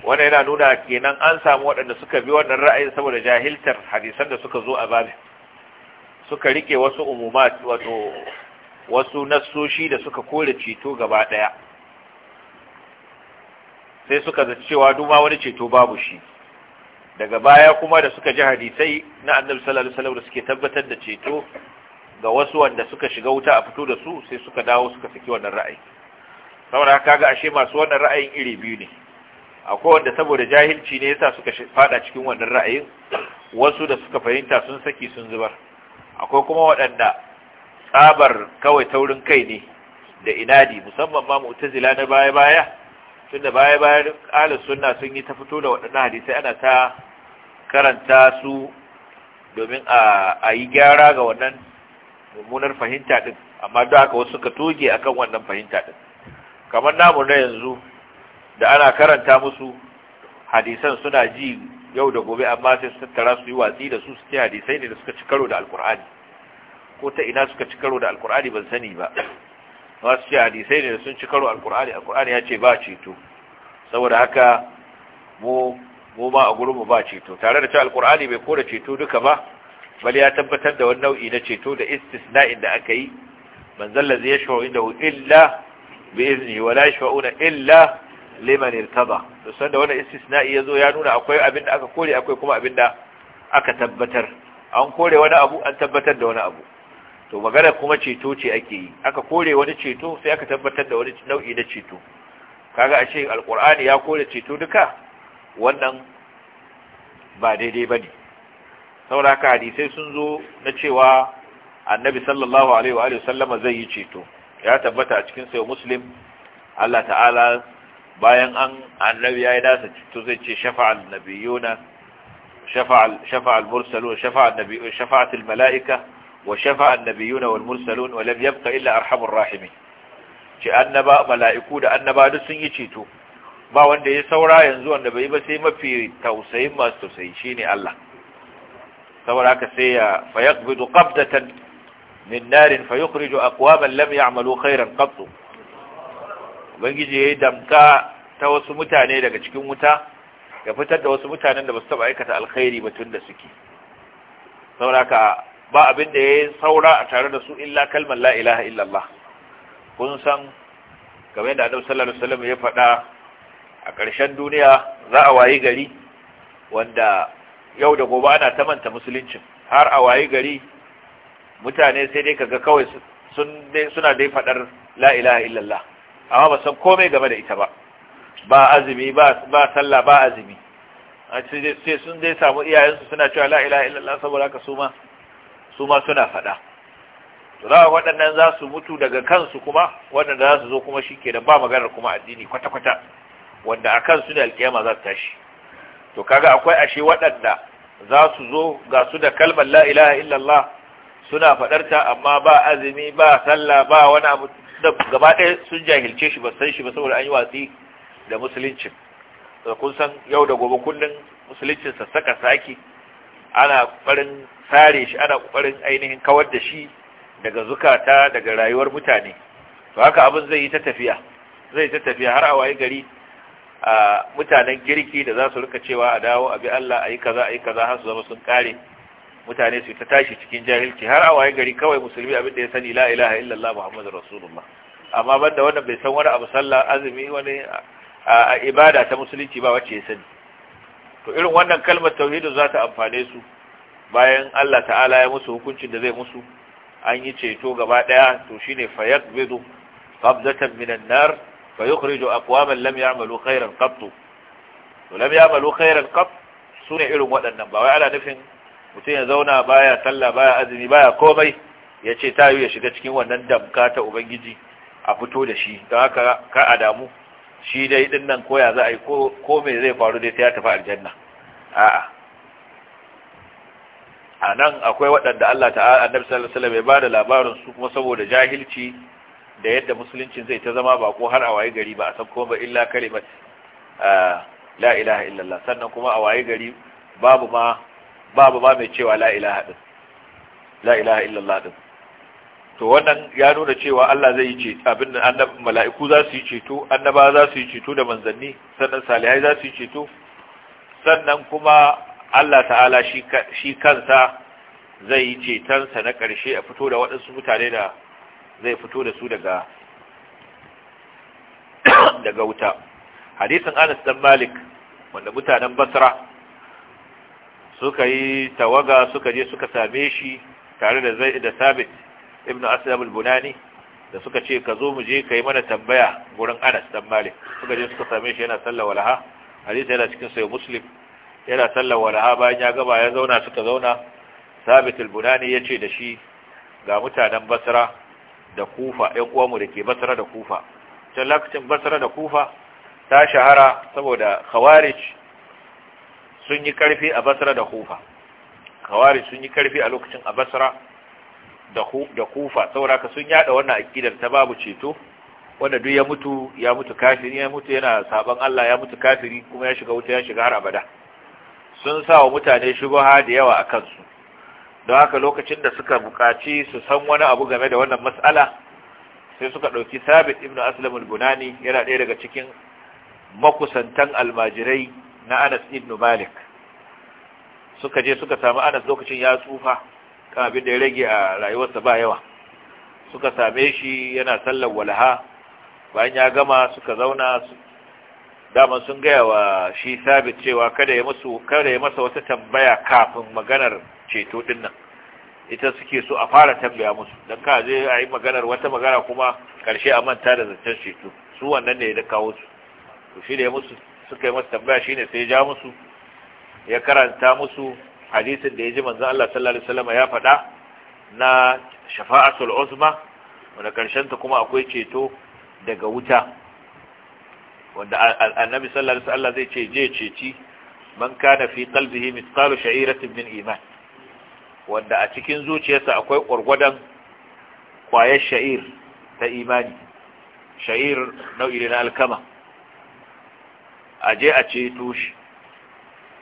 wanda yana nuna kenan an samu waɗanda suka bi wannan ra'ayin saboda jahiltar hadisan da suka zo a babin suka rike wasu umumat wato wasu nassoshi da suka kore ceto gaba ɗaya sai suka zaci cewa duma wani ceto babu shi daga baya kuma da suka ji hadisai na annabi sallallahu alaihi wasallam da suke tabbatar da ceto ga wasu wanda suka shiga wuta a fito da su sai suka dawo suka saki wannan ra'ayi saboda kaga ashe masu wannan ra'ayin iri biyu ne akwai wanda saboda jahilci ne yasa suka fada cikin wannan ra'ayin wasu da suka fahimta sun saki sun zubar akwai kuma waɗanda tsabar kawai taurin kai ne da inadi musamman ma mu'tazila na baya-baya tunda baya-baya ahlus sunna sun yi ta fito da waɗannan hadisai ana ta karanta su domin a yi gyara ga wannan mummunar fahimta ɗin, amma da haka wasu suka toge akan wannan fahimta din kamar namu na yanzu da ana karanta musu hadisan suna ji yau da gobe amma sai su tattara su yi watsi da su su ce hadisai ne da suka ci karo da alkur'ani ko ta ina suka ci karo da alkur'ani ban sani ba ba su ce hadisai ne da sun ci karo alkur'ani alkur'ani ya ce ba ceto saboda haka mu mu ma a gurinmu ba ceto tare da cewa alkur'ani bai kora ceto duka ba bali ya tabbatar da wani nau'i na ceto da istisna'in da aka yi man zalla zai shawo inda illa bi izni wala la yashfa'una illa liman irtaba to sanda wannan istisna'i yazo ya nuna akwai abin da aka kore akwai kuma abin da aka tabbatar an kore wani abu an tabbatar da wani abu to magana kuma ceto ce ake yi aka kore wani ceto sai aka tabbatar da wani nau'i na ceto kaga ashe alqur'ani ya kore ceto duka wannan ba daidai bane saboda haka hadisai sun zo na cewa annabi sallallahu alaihi wa alihi sallama zai yi ceto ya tabbata a cikin sayo muslim Allah ta'ala bayan an annabi ya yi nasa to zai ce shafa'al nabiyuna shafa'al mursalun shafa'al shafa'atul mala'ika wa shafa'al nabiyuna wal mursalun wa lam yabqa illa arhamur rahimin ce annaba mala'iku da annaba duk sun yi ceto ba wanda ya saura yanzu wanda bai ba sai mafi tausayin masu tausayi shine Allah saboda haka sai ya fayaqbidu qabdatan min narin fayukhriju aqwaman lam ya'malu khairan qattu ubangiji ya yi damka ta wasu mutane daga cikin wuta ya fitar da wasu mutanen da ba su taba aikata alkhairi ba tun da suke sauraka ba abin da ya yi saura a tare da su illa kalmar la ilaha illallah kun san game da adam sallallahu alaihi wasallam ya faɗa a ƙarshen duniya za a wayi gari wanda yau da gobe ana ta manta musuluncin har a wayi gari mutane sai dai kaga kawai suna dai faɗar la ilaha illallah amma ba san komai game da ita ba ba azumi ba sallah ba azumi a sai sun dai samu iyayensu suna cewa la ilaha illallah saboda ka suma, suma suna faɗa to za waɗannan za su mutu daga kansu kuma waɗanda za su zo kuma shi ke ba maganar kuma addini kwata-kwata wanda a kansu ne alkiyama za su tashi to kaga akwai ashe waɗanda za su zo ga su da kalmar la ilaha illallah suna faɗarta amma ba azumi ba sallah ba wani abu da gaba ɗaya sun jahilce shi ba san shi ba saboda an yi watsi da musulunci da kun san yau da gobe kullum musuluncin sassaka saki ana ƙoƙarin sare shi ana ƙoƙarin ainihin kawar da shi daga zukata daga rayuwar mutane to haka abin zai yi ta tafiya zai ta tafiya har a waye gari a mutanen girki da za su rika cewa a dawo a bi Allah ayi kaza ayi kaza har su zama sun kare mutane su ta tashi cikin jahilci har a waye gari kawai musulmi abin da ya sani la ilaha illallah muhammadur rasulullah amma banda wannan bai san wani abu sallah azumi wani a ibada ta musulunci ba wacce ya sani to irin wannan kalmar tauhidu za ta amfane su bayan Allah ta'ala ya musu hukuncin da zai musu an yi ceto gaba daya to shine fayaqbidu qabdatan minan nar fayukhriju aqwaman lam ya'malu khairan qattu to lam ya'malu khairan qatt sune irin waɗannan ba wai ana nufin mutum ya zauna baya sallah baya azumi baya komai ya ce ta ya shiga cikin wannan damka ta ubangiji a fito da shi don haka ka a damu shi dai din nan koya za a yi ko me zai faru dai ta ya tafi aljanna a'a a nan akwai waɗanda Allah ta'ala annabi sallallahu alaihi wasallam ya bada labarin su kuma saboda jahilci da yadda musulunci zai ta zama ba ko har a waye gari ba a san kuma ba illa kalimat ah, la ilaha illallah sannan kuma a waye gari babu ma babu ba mai cewa la ilaha din la ilaha illallah din to wannan ya nuna cewa Allah zai yi ce abin da annabi mala'iku za su yi ceto annaba za su yi ceto da manzanni sannan salihai za su yi ceto sannan kuma Allah ta'ala shi kansa zai yi cetonsa na karshe a fito da waɗansu mutane da zai fito da su daga (coughs) daga wuta hadisin Anas dan Malik wanda mutanen Basra suka yi tawaga suka je suka same shi tare da zai da sabit ibn aslam al-bunani da suka ce ka zo mu je kai mana tambaya gurin Anas dan Malik suka je suka same shi yana sallah walaha hadisi yana cikin sahih muslim yana sallah walaha bayan ya gaba ya zauna suka zauna sabit al-bunani yace da shi ga mutanen Basra da Kufa ɗan uwanmu da ke Basra da Kufa can lokacin Basra da Kufa ta shahara saboda khawarij sun yi karfi a basra da kufa kawari sun yi karfi a lokacin a basra da kufa sauraka sun yada wannan akidar ta babu ceto wanda duk ya mutu ya mutu kafiri ya mutu yana sabon Allah ya mutu kafiri kuma ya shiga wuta ya shiga har abada sun sa wa mutane shubha da yawa a kansu don haka lokacin da suka buƙaci su san wani abu game da wannan mas'ala sai suka ɗauki sabit ibn aslam bunani yana ɗaya daga cikin makusantan almajirai na Anas ibn Malik suka je suka samu Anas lokacin ya tsufa kan abin da ya rage a rayuwarsa ba yawa suka same shi yana sallar walha bayan ya gama suka zauna daman sun gaya wa shi sabit cewa kada ya musu kada ya masa wata tambaya kafin maganar ceto din nan ita suke so a fara tambaya musu dan ka je a yi maganar wata magana kuma karshe a manta da zancen ceto su wannan ne ya kawo su to shi da ya musu suka yi masa tambaya shine sai ya ja musu ya karanta musu hadisin da ya ji manzon Allah sallallahu alaihi wasallam ya faɗa na shafa'atul uzma wanda karshen ta kuma akwai ceto daga wuta wanda annabi sallallahu alaihi wasallam zai ce je ceci man kana fi qalbihi mithqalu sha'iratin min iman wanda a cikin zuciyarsa akwai ƙwargwadon ƙwayar sha'ir ta imani sha'ir nau'i na alkama a je a ceto shi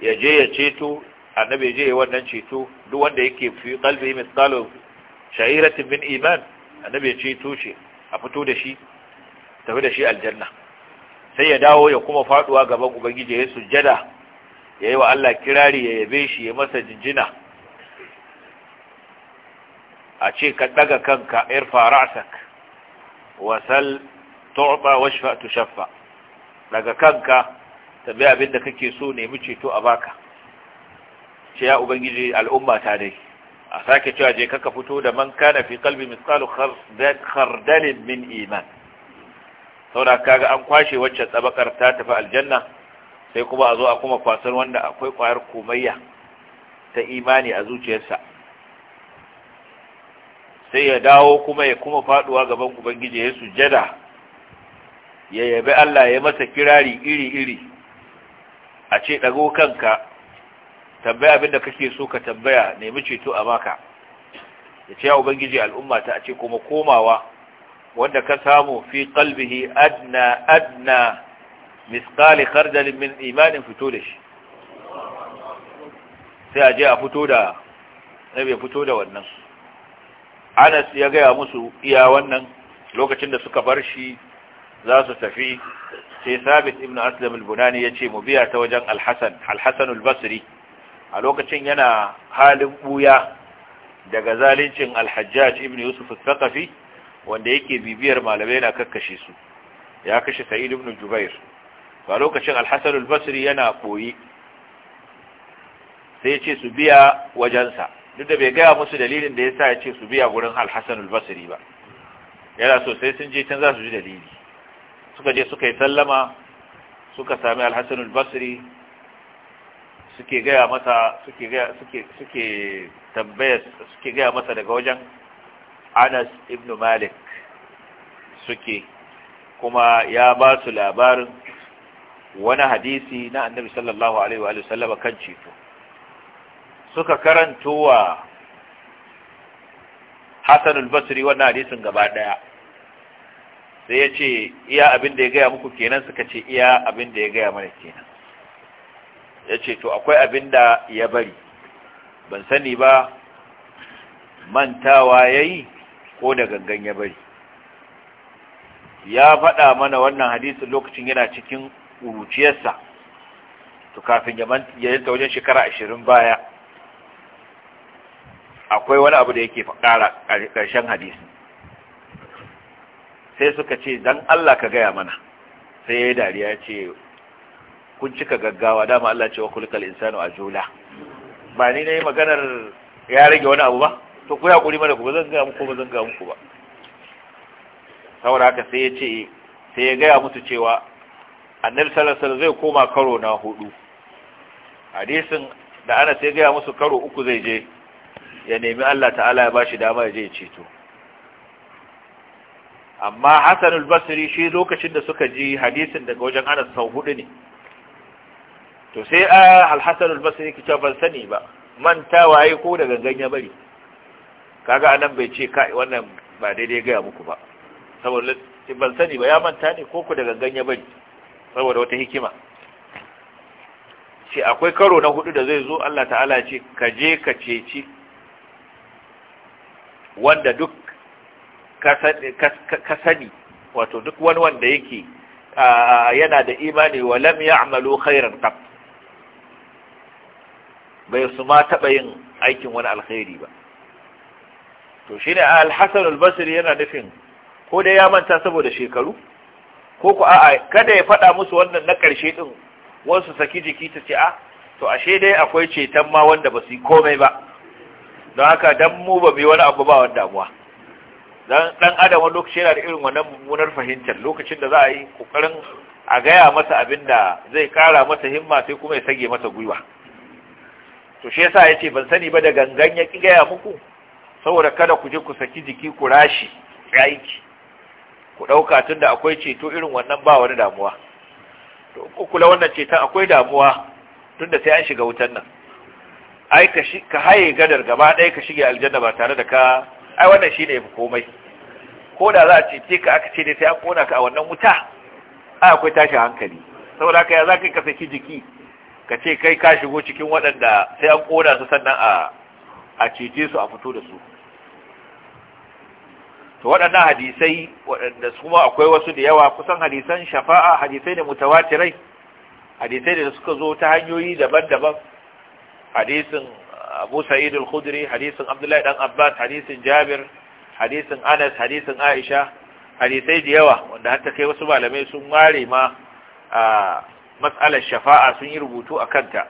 ya je ya ceto annabi je ya wannan ceto duk wanda yake fi qalbi misqalu sha'iratin min iman annabi ya ceto shi a fito da shi tafi da shi aljanna sai ya dawo ya kuma faduwa gaban ubangiji ya sujjada ya yi wa Allah kirari ya yabe shi ya masa jinjina a ce ka daga kanka irfa ra'sak wasal tu'ta washfa tushaffa daga kanka tambaya abin da kake so nemi ceto a baka ce ya ubangiji al'umma ta dai a sake cewa je kaka fito da man kana fi kalbi misalu khardalin min iman saboda kaga an kwashe wacce tsabakar ta tafi aljanna sai kuma a zo a kuma kwasar wanda akwai kwayar komayya ta imani a zuciyarsa sai ya dawo kuma ya kuma faduwa gaban ubangiji ya sujada ya yabi Allah ya masa kirari iri-iri a ce ɗago kanka tambaya abinda kake so ka tambaya nemi ceto a maka. ya ce ya ubangiji al'umma ta a ce kuma komawa wanda ka samu fi kalbihi adna adna misqali kardalin min imanin fito da shi sai a je a fito da nabi fito da wannan Anas ya gaya musu iya wannan lokacin da suka bar shi za su tafi sai sabit ibn aslam al-bunani ya ce mu biya ta wajen al-hasan al-hasan al-basri a lokacin yana halin buya daga zalincin al-hajjaj ibn yusuf al-thaqafi wanda yake bibiyar malamai na kakkashe su ya kashe sa'id ibn jubair a lokacin al-hasan al-basri yana koyi sai ya ce su biya wajensa duk da bai gaya musu dalilin da yasa sa ya ce su biya gurin al-hasan al-basri ba yana so sai sun je can za su ji dalili suka je suka yi sallama suka sami alhassan albasri suke gaya masa suke tambaya suke gaya masa daga wajen anas ibn malik suke kuma ya ba su labarin wani hadisi na annabi sallallahu alaihi wa sallama kan ceto suka karantowa Hassan al-Basri wannan hadisin gaba daya sai ya ce iya abin da ya gaya muku kenan suka ce iya abin da ya gaya mana kenan ya ce to akwai abin da ya bari ban sani ba mantawa ya yi ko da gangan ya bari ya faɗa mana wannan hadisin lokacin yana cikin ƙuruciyarsa to kafin ya yanta wajen shekara ashirin baya akwai wani abu da yake ƙara ƙarshen hadisin sai suka ce dan Allah ka gaya mana sai ya yi dariya ce kun cika gaggawa dama Allah ce wa kulkal insano a jula ba ni ne maganar ya rage wani abu ba to ku ya kuri mana ku ba zan gaya muku ba zan gaya muku ba saboda haka sai ya ce sai ya gaya musu cewa annabi sallallahu alaihi wasallam zai koma karo na hudu hadisin da ana sai gaya musu karo uku zai je ya nemi Allah ta'ala ya bashi dama ya je ya ceto amma Hassan al-Basri shi lokacin da suka ji hadisin daga wajen Anas sau hudu ne to sai al-Hassan al-Basri ki ce ban sani ba manta waye ko da gangan ya bari kaga anan bai ce kai wannan ba daidai ga muku ba saboda ban sani ba ya manta ne ko ku da gangan ya bari saboda wata hikima ce akwai karo na hudu da zai zo Allah ta'ala ce ka je ka ceci wanda duk ka sani wato duk wani wanda yake yana da imani wa lam ya'malu khairan bai su ma taba yin aikin wani alkhairi ba to ne al-Hasan al-Basri yana nufin ko dai ya manta saboda shekaru ko ku a'a kada ya faɗa musu wannan na ƙarshe din wasu saki jiki ta ce a ah, to ashe dai akwai ceton ma wanda ba su yi komai ba don haka dan mu ba mu wani abu ba wanda damuwa dan adam wani lokaci yana da irin wannan mummunar fahimtar lokacin da za a yi kokarin a gaya masa abin da zai kara masa himma sai kuma ya sage masa gwiwa to shi yasa ce ban sani ba da gangan ya ki gaya muku saboda kada ku je ku saki jiki ku rashi yaiki ku dauka da akwai ceto irin wannan ba wani damuwa to ku kula wannan ceton akwai damuwa tunda sai an shiga wutan nan ai ka haye gadar gaba ɗaya ka shige aljanna ba tare da ka ai wannan shi ne komai ko da za a cece ka aka ce dai sai an kona ka a wannan wuta A akwai tashin hankali saboda haka ya za ka saki jiki ka ce kai ka shigo cikin waɗanda sai an kona su sannan a a cece su a fito da su to waɗannan hadisai waɗanda su ma akwai wasu da yawa kusan hadisan shafa'a hadisai ne mutawatirai hadisai da suka zo ta hanyoyi daban-daban hadisin abu sa'id al-khudri hadisin abdullahi dan abbas hadisin jabir hadisin anas hadisin aisha hadisai da yawa wanda har ta kai wasu malamai sun ware ma a mas'alar shafa'a sun yi rubutu a kanta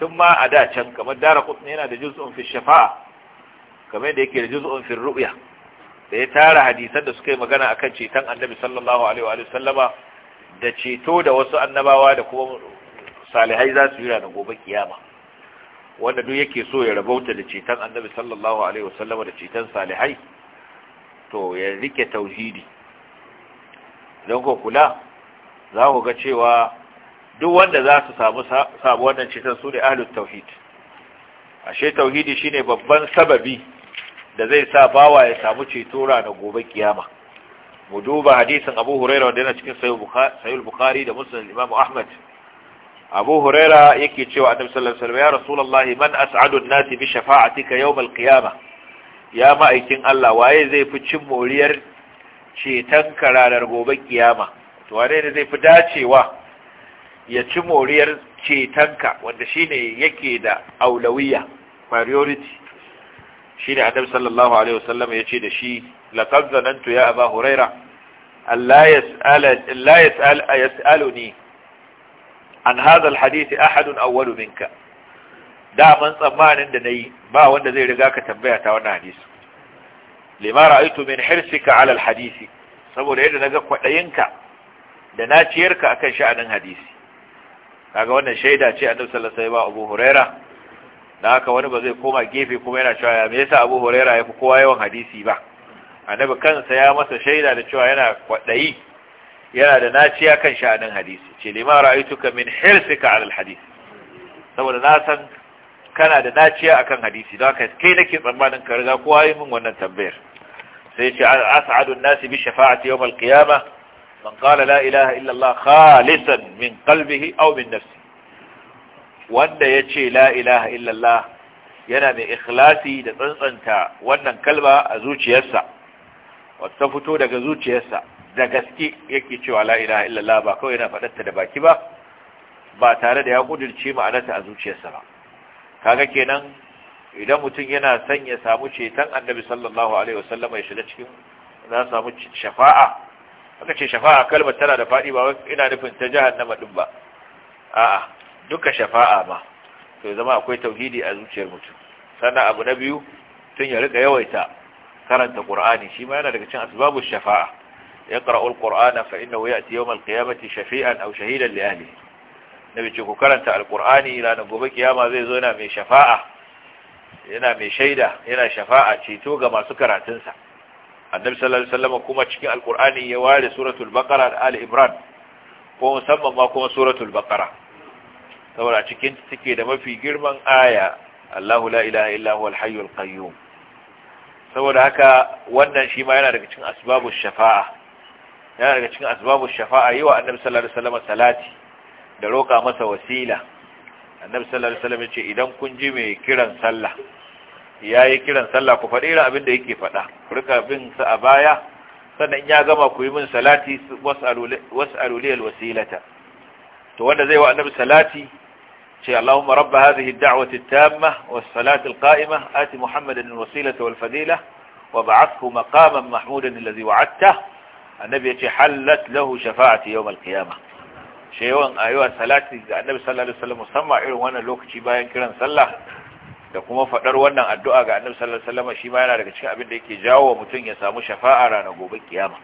tun ma a da can kamar dara kutni yana da juz'un fi shafa'a kamar da yake da juz'un fi ru'ya da ya tara hadisan da suka yi magana akan ceton annabi sallallahu alaihi wa sallama da ceto da wasu annabawa da kuma salihai za su yi ranar gobe kiyama wanda duk yake so ya rabauta da ceton annabi sallallahu alaihi wasallama da ceton salihai to ya rike tauhidi don ko kula za ku ga cewa duk wanda za su samu samu wannan ceton su ne ahlul tauhid ashe tauhidi shine babban sababi da zai sa bawa ya samu ceto ranar gobe kiyama mu duba hadisin Abu Hurairah wanda yana cikin Sahih Bukhari da Muslim Imam Ahmad abu huraira yake cewa annabi sallallahu alaihi wasallam ya rasulullahi man as'adu an-nasi bi shafa'atika yawm al-qiyamah ya ma'aikin Allah waye zai fi cin moriyar ceton karanar gobe kiyama to wane ne zai fi dacewa ya ci moriyar cetanka, wanda shine yake da aulawiya priority shine annabi sallallahu alaihi wasallam yace da shi laqad zanantu ya aba huraira alla yas'al la yas'al yas'aluni an hadha alhadith ahadun awwalu minka da man tsammanin da nayi ba wanda zai riga ka tambaya ta wannan hadisi lima ra'aytu min hirsika ala alhadisi saboda yadda naga kwadayinka da naciyarka akan sha'anin hadisi kaga wannan shaida ce annabi sallallahu alaihi wasallam Abu Huraira da haka wani ba zai koma gefe kuma yana cewa ya me yasa Abu Huraira ya fi kowa yawan hadisi ba annabi kansa ya masa shaida da cewa yana kwadayi yana da naciya kan sha'anin hadisi ce lima ra'aituka min hirsika ala alhadith saboda na san kana da naciya akan hadisi don haka kai nake tsammanin ka riga kowa yi min wannan tambayar sai ce asadun an-nasi bi shafa'ati yawm al-qiyamah man qala la ilaha illa Allah khalisan min qalbihi aw min nafsi wanda yace la ilaha illa Allah yana mai ikhlasi da tsantsanta wannan kalma a zuciyarsa wata fito daga zuciyarsa da gaske yake cewa la ilaha illallah ba kawai yana faɗarta da baki ba ba tare da ya kudirce ma'anarta a zuciyarsa ba kaga kenan idan mutum yana son ya samu ceton annabi sallallahu alaihi wasallam ya shiga cikin za samu shafa'a aka ce shafa'a kalmar tana da faɗi ba ina nufin ta nama din ba a'a duka shafa'a ma to zama akwai tauhidi a zuciyar mutum sannan abu na biyu tun ya rika yawaita karanta qur'ani shi ma yana daga cin asbabus shafa'a يقرأ القرآن فإنه يأتي يوم القيامة شفيئا أو شهيدا لأهله نبي تشكو كرنت القرآن إلى نقوم كياما زي زونا من شفاعة yana mai shaida yana shafa'a ceto ga masu karatunsa annabi sallallahu alaihi wasallam kuma cikin alqur'ani ya ware suratul baqara da ali imran ko musamman ma kuma suratul baqara saboda cikin take da mafi girman aya Allahu la ilaha illa hayyul qayyum saboda haka wannan shi ma yana daga cikin asbabus shafa'a yana daga cikin asbabu shafa'a yi wa annabi sallallahu alaihi wasallam salati da roƙa masa wasila annabi sallallahu alaihi wasallam yace idan kun ji mai kiran sallah yayi kiran sallah ku faɗi irin abin da yake faɗa ku rika bin sa a baya sannan ya gama ku yi min salati was'alu li wasilata. to wanda zai wa annabi salati ce Allahumma rabb hadhihi ad-da'wati at-tamma was-salati al-qa'ima ati Muhammadan al-wasilata wal-fadila وابعثه مقاما محمودا الذي وعدته annabi ya ce hallat lahu shafa'ati yawmal qiyamah shi yawan ayuwa salati ga annabi sallallahu alaihi wasallam musamman irin wannan lokaci bayan kiran sallah da kuma fadar wannan addu'a ga annabi sallallahu alaihi wasallam shi ma yana daga cikin abin da yake jawo mutum ya samu shafa'a ranar gobe kiyama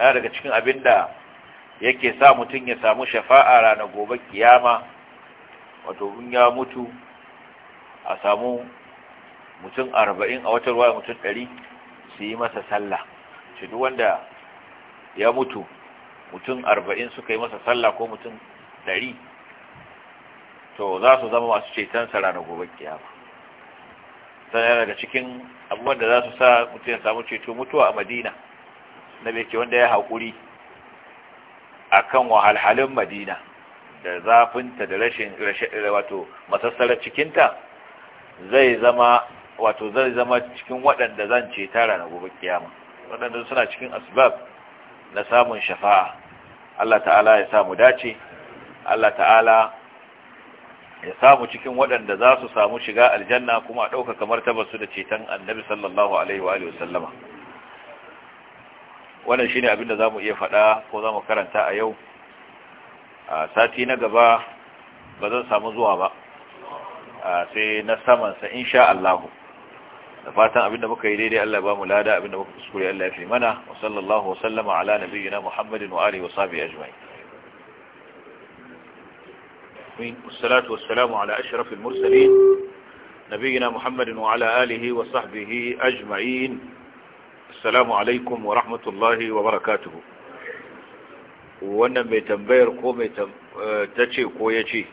yana daga cikin abin da yake sa mutum ya samu shafa'a ranar gobe kiyama wato in ya mutu a samu mutum arba'in a wata ruwa mutum ɗari su yi masa sallah shi duk wanda ya mutu mutum arba'in suka yi masa sallah ko mutum ɗari to za su zama masu cetonsa ranar gobe kiyama yana daga cikin abubuwan da za su sa mutum ya samu ceto mutuwa a madina na beke wanda ya haƙuri a kan wahalhalin madina da zafinta da rashin wato masassarar cikinta zai zama wato zai zama cikin waɗanda zan ceta na gobe kiyama waɗanda suna cikin asibab. na samun shafa'a Allah ta'ala ya samu dace Allah ta'ala ya samu cikin waɗanda za su samu shiga aljanna kuma a ɗauka kamar basu da ceton annabi sallallahu alaihi wa wasallama wannan shine abin da za mu iya faɗa ko za mu karanta a yau a sati na gaba ba zan samu zuwa ba sai na samansa insha Allahu da fatan abinda muka yi daidai Allah ba mu lada abinda muka kuskure Allah ya fi mana wa sallallahu wa sallama ala nabiyyina Muhammadin wa alihi wa sahbihi ajma'in min wassalatu wassalamu ala ashrafil mursalin nabiyyina Muhammadin wa ala alihi wa sahbihi ajma'in assalamu alaikum wa rahmatullahi wa barakatuh wannan mai tambayar ko mai tace eh, ko yace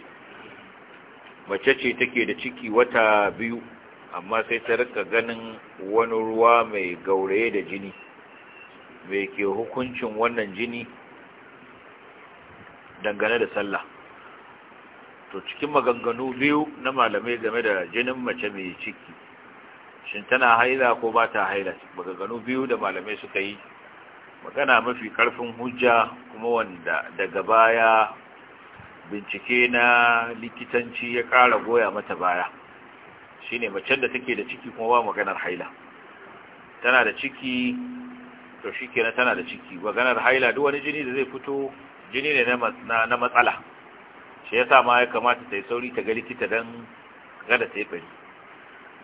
mace ce take da ciki wata biyu amma sai ta rika ganin wani ruwa mai gauraye da jini mai ke hukuncin wannan jini dangane da sallah to cikin maganganu biyu na malamai game da jinin mace mai ciki shin tana haila ko ba ta haila maganganu biyu da malamai suka yi magana mafi karfin hujja kuma wanda daga baya bincike na likitanci ya kara goya mata baya shine macen da take da ciki kuma ba maganar haila tana da ciki to shikenan tana da ciki maganar haila duk wani jini da zai fito jini ne na matsala shi yasa ma ya kamata ta yi sauri ta ga likita dan gada ta yi bari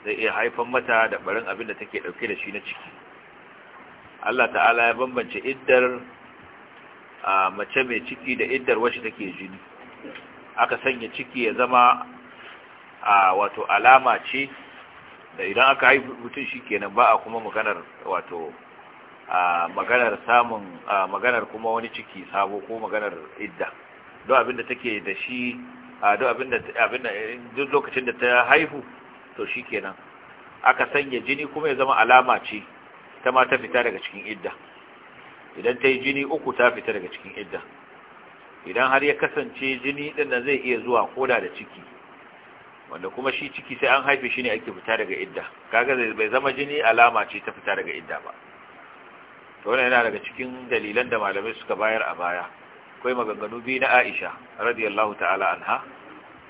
zai iya haifan mata da barin abin da take dauke da shi na ciki Allah ta'ala ya bambance iddar a mace mai ciki da iddar wacce take jini aka sanya ciki ya zama a wato alama ce da idan aka haifi mutum shi kenan ba a kuma maganar wato maganar samun maganar kuma wani ciki sabo ko maganar idda don abinda take da shi don abinda duk lokacin da ta haihu to shi kenan aka sanya jini kuma ya zama alama ce ta ma ta fita daga cikin idda idan ta yi jini uku ta fita daga cikin idda idan har ya kasance jini ɗin zai iya zuwa koda da ciki wanda kuma shi ciki sai an haife shi ne ake fita daga idda kaga bai zama jini alama ce ta fita daga idda ba to wannan yana daga cikin dalilan da malamai suka bayar a baya akwai maganganu biyu na Aisha radiyallahu ta'ala anha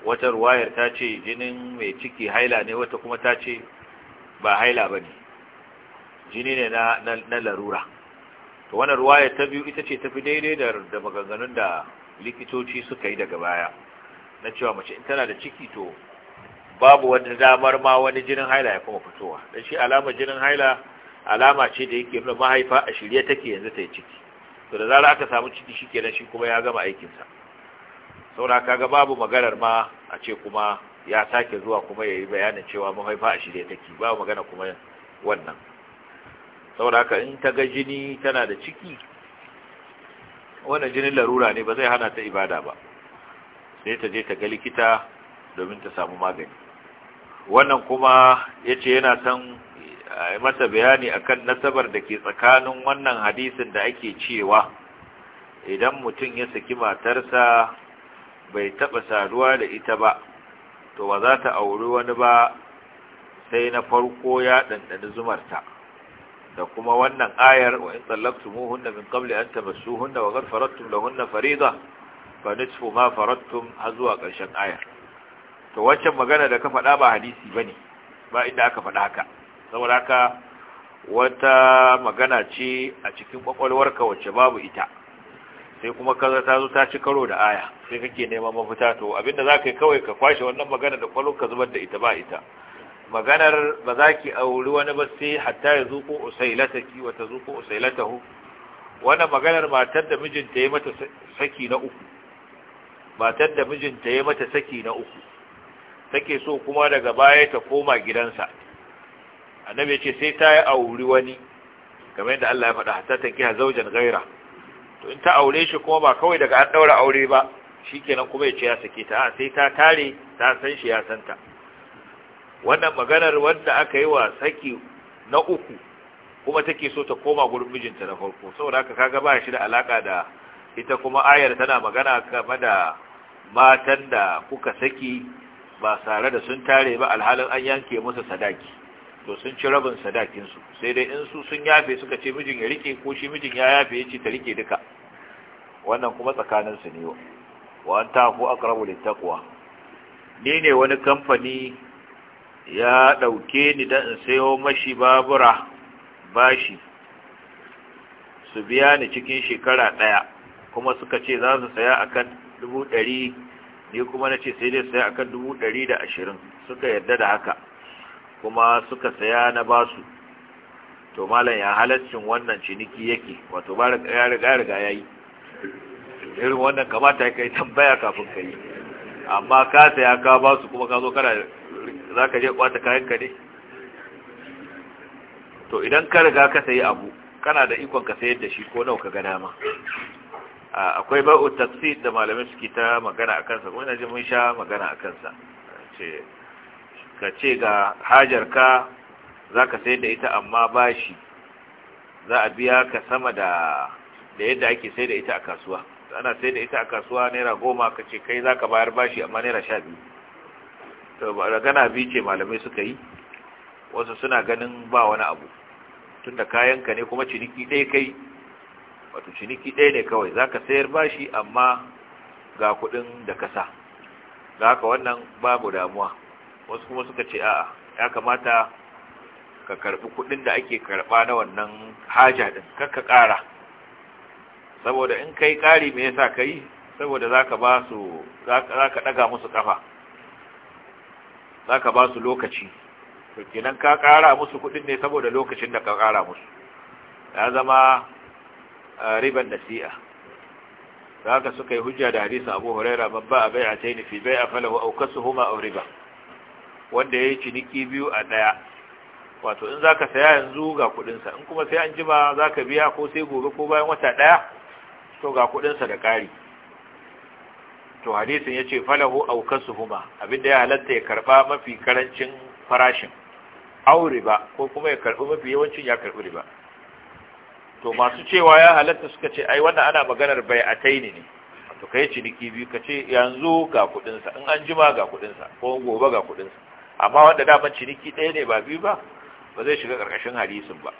wata ruwayar ta ce jinin mai ciki haila ne wata kuma ta ce ba haila ba ne jini ne na larura to wannan ruwayar ta biyu ita ce tafi daidai da da maganganun da likitoci suka yi daga baya na cewa mace in tana da ciki to babu wani damar ma wani jinin haila ya kuma fitowa dan shi alama jinin haila alama ce da yake nuna mahaifa a shirye take yanzu ta yi ciki to da zarar aka samu ciki shikenan shi kuma ya gama aikinsa. sa kaga babu maganar ma a ce kuma ya sake zuwa kuma yayi bayanin cewa mahaifa a shirye take babu magana kuma wannan saboda ka in ta ga jini tana da ciki wannan jinin larura ne ba zai hana ta ibada ba sai ta je ta ga likita domin ta samu magani wannan kuma ya ce yana son masa bayani akan nasabar da ke tsakanin wannan hadisin da ake cewa idan mutum ya saki matarsa bai taɓa saduwa da ita ba to ba za ta auri wani ba sai na farko ya ɗanɗani zumarta da kuma wannan ayar wa in hunna min qabli an tamassuhunna wa qad faradtum lahunna fariida fa nisfu ma faradtum har zuwa ƙarshen ayar to wancan magana da ka faɗa ba hadisi ba ne ba inda aka faɗa haka saboda haka wata magana ce a cikin kwakwalwarka wacce babu ita sai kuma kaza ta zo ta ci karo da aya sai kake neman mafita to abinda za ka yi kawai ka kwashe wannan magana da ka zubar da ita ba ita maganar ba za ki auri wani ba sai hatta ya zuko usailataki wata zuko usailatahu wannan maganar matar da mijinta ya mata saki na uku matar da mijinta ya mata saki na uku take so kuma daga baya ta koma gidansa annabi ce sai ta yi auri wani kamar yadda Allah ya faɗa hatta ta kiha zaujan gaira to in ta aure shi kuma ba kawai daga an daura aure ba shikenan kuma ya ce ya sake ta sai ta tare ta san shi ya san ta wannan maganar wanda aka yi wa saki na uku kuma take so ta koma gurin mijinta na farko saboda haka kaga ba shi da alaka da ita kuma ayar tana magana game da matan da kuka saki ba tare da sun tare ba alhalin an yanke musu sadaki to sun ci rabin sadakinsu sai dai in su sun yafe suka ce mijin ya rike ko shi mijin ya yafe ya ce ta rike duka wannan kuma tsakaninsu ne wa an ta ku akrabu littaqwa ni ne wani kamfani ya ɗauke ni da in sayo mashi babura bashi su biya ni cikin shekara ɗaya kuma suka ce za su saya akan dubu ɗari ni kuma na ce sai dai sai akan dubu ɗari da ashirin suka yarda da haka kuma suka saya na basu to malam ya halaccin wannan ciniki yake wato ba ya riga riga ya yi irin wannan kamata ya kai tambaya kafin ka yi amma ka saya ka basu kuma ka zo kana za ka je kwata kayan ka ne to idan ka riga ka sayi abu kana da ikon ka sayar da shi ko nawa ka ga dama akwai ba'u tafsir da malamai suke ta magana a kansa kuma jin mun sha magana a kansa ce ka ce ga hajarka za ka sayar da ita amma bashi za a biya ka sama da da yadda ake sayar da ita a kasuwa ana sayar da ita a kasuwa naira goma ka ce kai za ka bayar bashi amma naira sha biyu to gana biyu ce malamai suka yi wasu suna ganin ba wani abu tunda kayanka ne kuma ciniki ɗaya kai wato ciniki ɗaya ne kawai za ka sayar bashi amma ga kuɗin da kasa ga haka wannan babu damuwa wasu kuma suka ce a'a ya kamata ka karbi kuɗin da ake karɓa na wannan haja ɗin kakka ƙara saboda in kai ƙari me yasa ka yi saboda za ka ba su zaka ka ɗaga musu ƙafa za ba su lokaci to kenan ka ƙara musu kuɗin ne saboda lokacin da ka ƙara musu ya zama riban nasi'a da haka suka yi hujja da hadisa abu huraira babba a bai a taini fi bai a falahu au kasu huma au riba wanda ya yi ciniki biyu a ɗaya wato in za ka saya yanzu ga kuɗinsa in kuma sai an jima za ka biya ko sai gobe ko bayan wata ɗaya to ga kuɗinsa da ƙari to hadisin ya ce falahu au kasu huma abinda ya halatta ya karɓa mafi karancin farashin au riba ko kuma ya karɓi mafi yawancin ya karɓi riba to masu cewa ya halatta suka ce ai wannan ana maganar bai a ne ne to kai ciniki biyu ka ce yanzu ga kuɗinsa in an jima ga kuɗinsa ko gobe ga kuɗinsa amma wanda daman ciniki ɗaya ne ba biyu ba ba zai shiga ƙarƙashin hadisin ba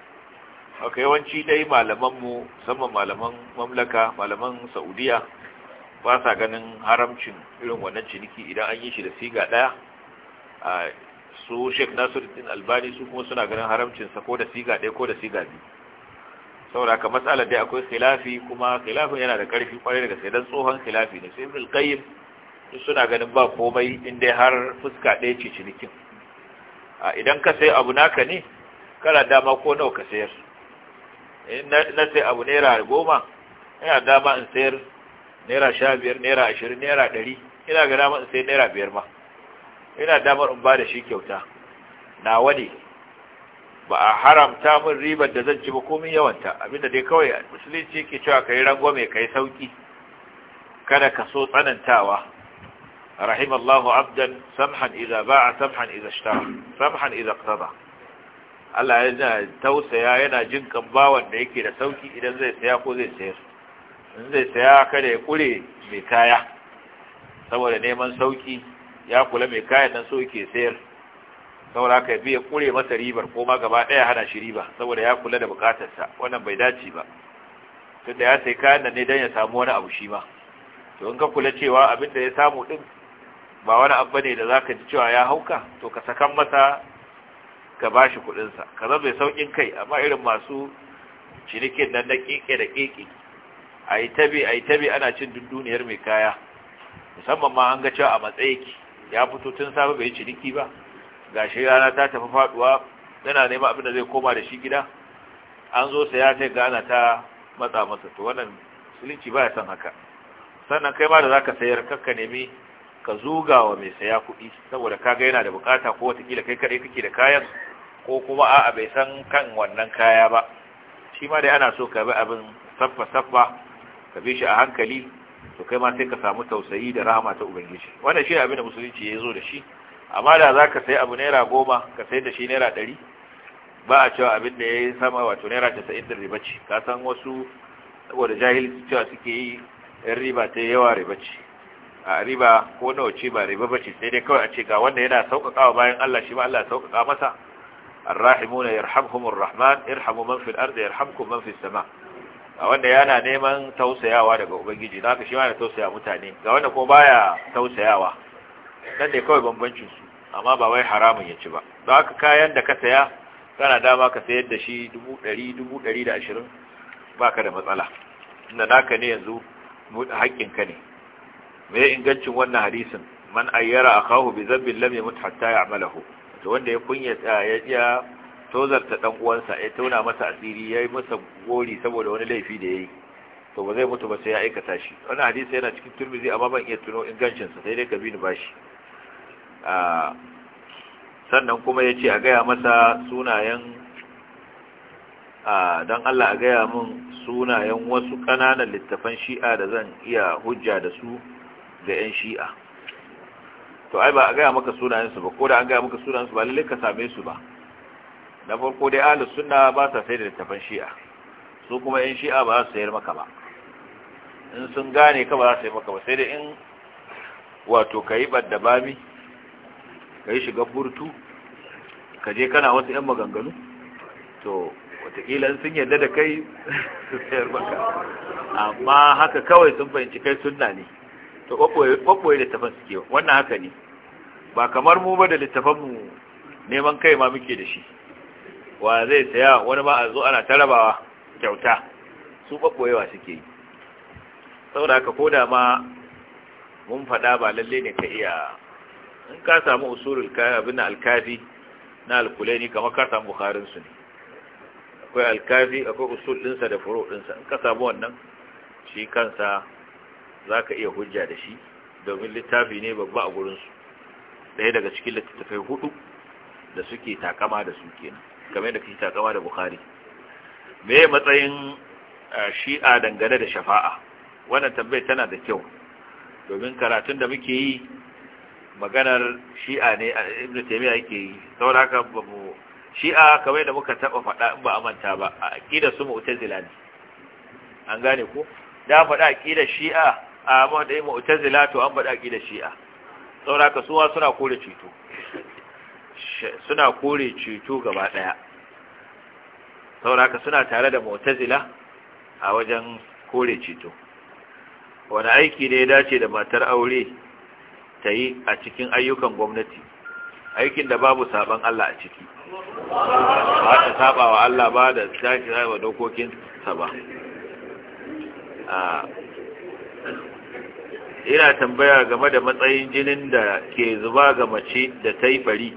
haka yawanci dai malamanmu musamman malaman mamlaka malaman saudiya ba sa ganin haramcin irin wannan ciniki idan an yi shi da siga ɗaya su sheik nasiruddin albani su kuma suna ganin haramcinsa ko da siga ɗaya ko da siga biyu saboda haka matsalar dai akwai khilafi kuma khilafin yana da ƙarfi kwarai daga sai dan tsohon khilafi ne sai ibn qayyim suna ganin ba komai in dai har fuska ɗaya ce cinikin A idan ka sai abu naka ne kana dama ko nawa ka sayar na sai abu naira goma ina dama in sayar naira sha biyar naira ashirin naira ɗari ina ga dama in sayar naira biyar ma ina damar in ba da shi kyauta nawa ne ba a haramta min ribar da zan ci ba komai yawanta abinda dai kawai musulunci yake cewa ka yi rangwame mai kai sauki kada ka so tsanantawa rahim Allahu abdan samhan idza ba'a samhan idza ishtara samhan idza iqtada Allah yana tausaya yana jin kan bawan da yake da sauki idan zai saya ko zai sayar in zai saya kada ya kure mai kaya saboda neman sauki ya kula mai kaya nan so yake sayar saboda haka bi ya kure masa ribar ko ma gaba ɗaya hana shi riba saboda ya kula da bukatarsa wannan bai dace ba tunda ya sai kayan nan ne don ya samu wani abu shi ma to in ka kula cewa abin da ya samu ɗin ba wani abu ne da zaka ji cewa ya hauka to ka sakan masa ka bashi kuɗinsa. ka zama mai saukin kai amma irin masu cinikin nan na keke da keke ayi tabi yi tabi ana cin dunduniyar mai kaya musamman ma an ga cewa a matsayi ya fito tun safe bai yi ciniki ba shi rana ta tafi faduwa yana nema abin da zai koma da shi gida an zo ya sai ga ana ta matsa masa to wannan musulunci baya son haka sannan kai ma da zaka sayar kakka nemi ka zuga wa mai saya kuɗi saboda kaga yana da bukata ko watakila kai kaɗai kake da kayan ko kuma a'a bai san kan wannan kaya ba shi ma dai ana so ka bi abin saffa saffa ka bi shi a hankali to kai ma sai ka samu tausayi da rahama ta ubangiji wannan shi abin da musulunci ya zo da shi amma da za ka sai abu naira goma ka sai da shi naira ɗari ba a cewa abin da ya yi sama wato naira casa'in da riba ce ka san wasu saboda jahilci cewa suke yi yan riba ta yawa riba ce a riba ko nawa ce ba riba ba ce sai dai kawai a ce ga wanda yana sauƙaƙawa bayan Allah shi ma Allah sauƙaƙa masa الراحمون yarhamhumur rahman irhamu man fil ardi yarhamkum man fis sama a wanda yana neman tausayawa daga ubangiji zaka shi ma yana tausaya mutane ga wanda kuma baya tausayawa nan ne kawai bambancin su amma ba wai haramun ya ci ba don haka kayan da ka saya kana dama ka sayar da shi dubu ɗari dubu ɗari da ashirin ba ka da matsala inda naka ne yanzu haƙƙinka ne mai ingancin wannan hadisin man ayyara a kawo bi zabbin lam ya mutu hatta ya amalahu to wanda ya kunya ya iya tozarta ɗan uwansa ya tauna masa asiri ya yi masa gori saboda wani laifi da ya yi to ba zai mutu ba sai ya aikata shi wannan hadisi yana cikin turmizi amma ban iya tuno ingancinsa sai dai ka bi ni bashi sannan kuma ya ce a gaya masa sunayen don Allah a gaya min sunayen wasu ƙananan littafan shi'a da zan iya hujja da su ga 'yan shi'a to ai ba a gaya maka sunayensu ba ko da an gaya maka sunayensu ba lalle ka same su ba na farko dai ahlus sunna ba sa sai da littafan shi'a su kuma 'yan shi'a ba za su sayar maka ba in sun gane ka ba za su sayar maka ba sai dai in wato ka yi ɓadda ka yi shiga burtu ka je kana wasu 'yan maganganu to watakila sun yarda da kai (laughs) su sayar maka amma haka kawai sun fahimci kai sunna ne to ɓaɓɓoye littafan suke wannan haka ne ba kamar mu ba da mu. neman kai ma muke da shi wa zai saya wani ma a zo ana tarabawa kyauta su ɓaɓɓoyewa suke yi saboda haka ko da ma mun faɗa ba lalle ne ka iya in ka samu usulul abin alkafi na alkulaini kamar ka samu bukarin su ne akwai alkafi akwai usul dinsa da furo dinsa in ka samu wannan shi kansa Za ka iya hujja da shi domin littafi ne babba a gurin su ɗaya daga cikin littattafai hudu da suke takama da su kenan kamar da kake takama da bukhari me matsayin eh, shi'a dangane da shafa'a wannan tambayar tana da kyau domin karatun da muke yi maganar shi'a ne a ibn taymiya yake yi saboda haka ba mu shi'a kamar da muka taba faɗa in ba amanta ba a aqida su mu'tazila ne an gane ko da faɗa aqida shi'a a mu'tazila mu'tazila to an faɗa aqida shi'a saboda haka suwa suna kore ceto suna kore ceto gaba daya saboda haka suna tare da mu'tazila a wajen kore ceto wani aiki ne ya dace da matar aure ta yi a cikin ayyukan gwamnati aikin da babu saban Allah a ciki ba ta saba wa Allah ba da tashi wa dokokin ba ina tambaya game da matsayin jinin da ke zuba ga mace da ta yi bari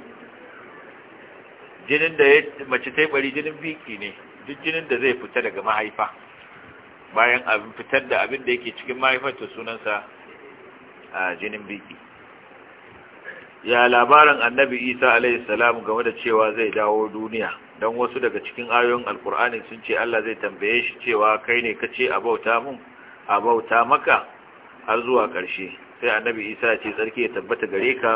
jinin da mace ta yi bari jinin biki ne duk jinin da zai fita daga mahaifa bayan abin fitar da abin da yake cikin ta sunansa a jinin biki ya labarin annabi isa alaihi salam game da cewa zai dawo duniya don wasu daga cikin ayoyin alkur'ani sun ce allah zai tambaye shi cewa kai ne ka ce abauta mun maka har zuwa ƙarshe sai annabi isa ce tsarki ya tabbata gare ka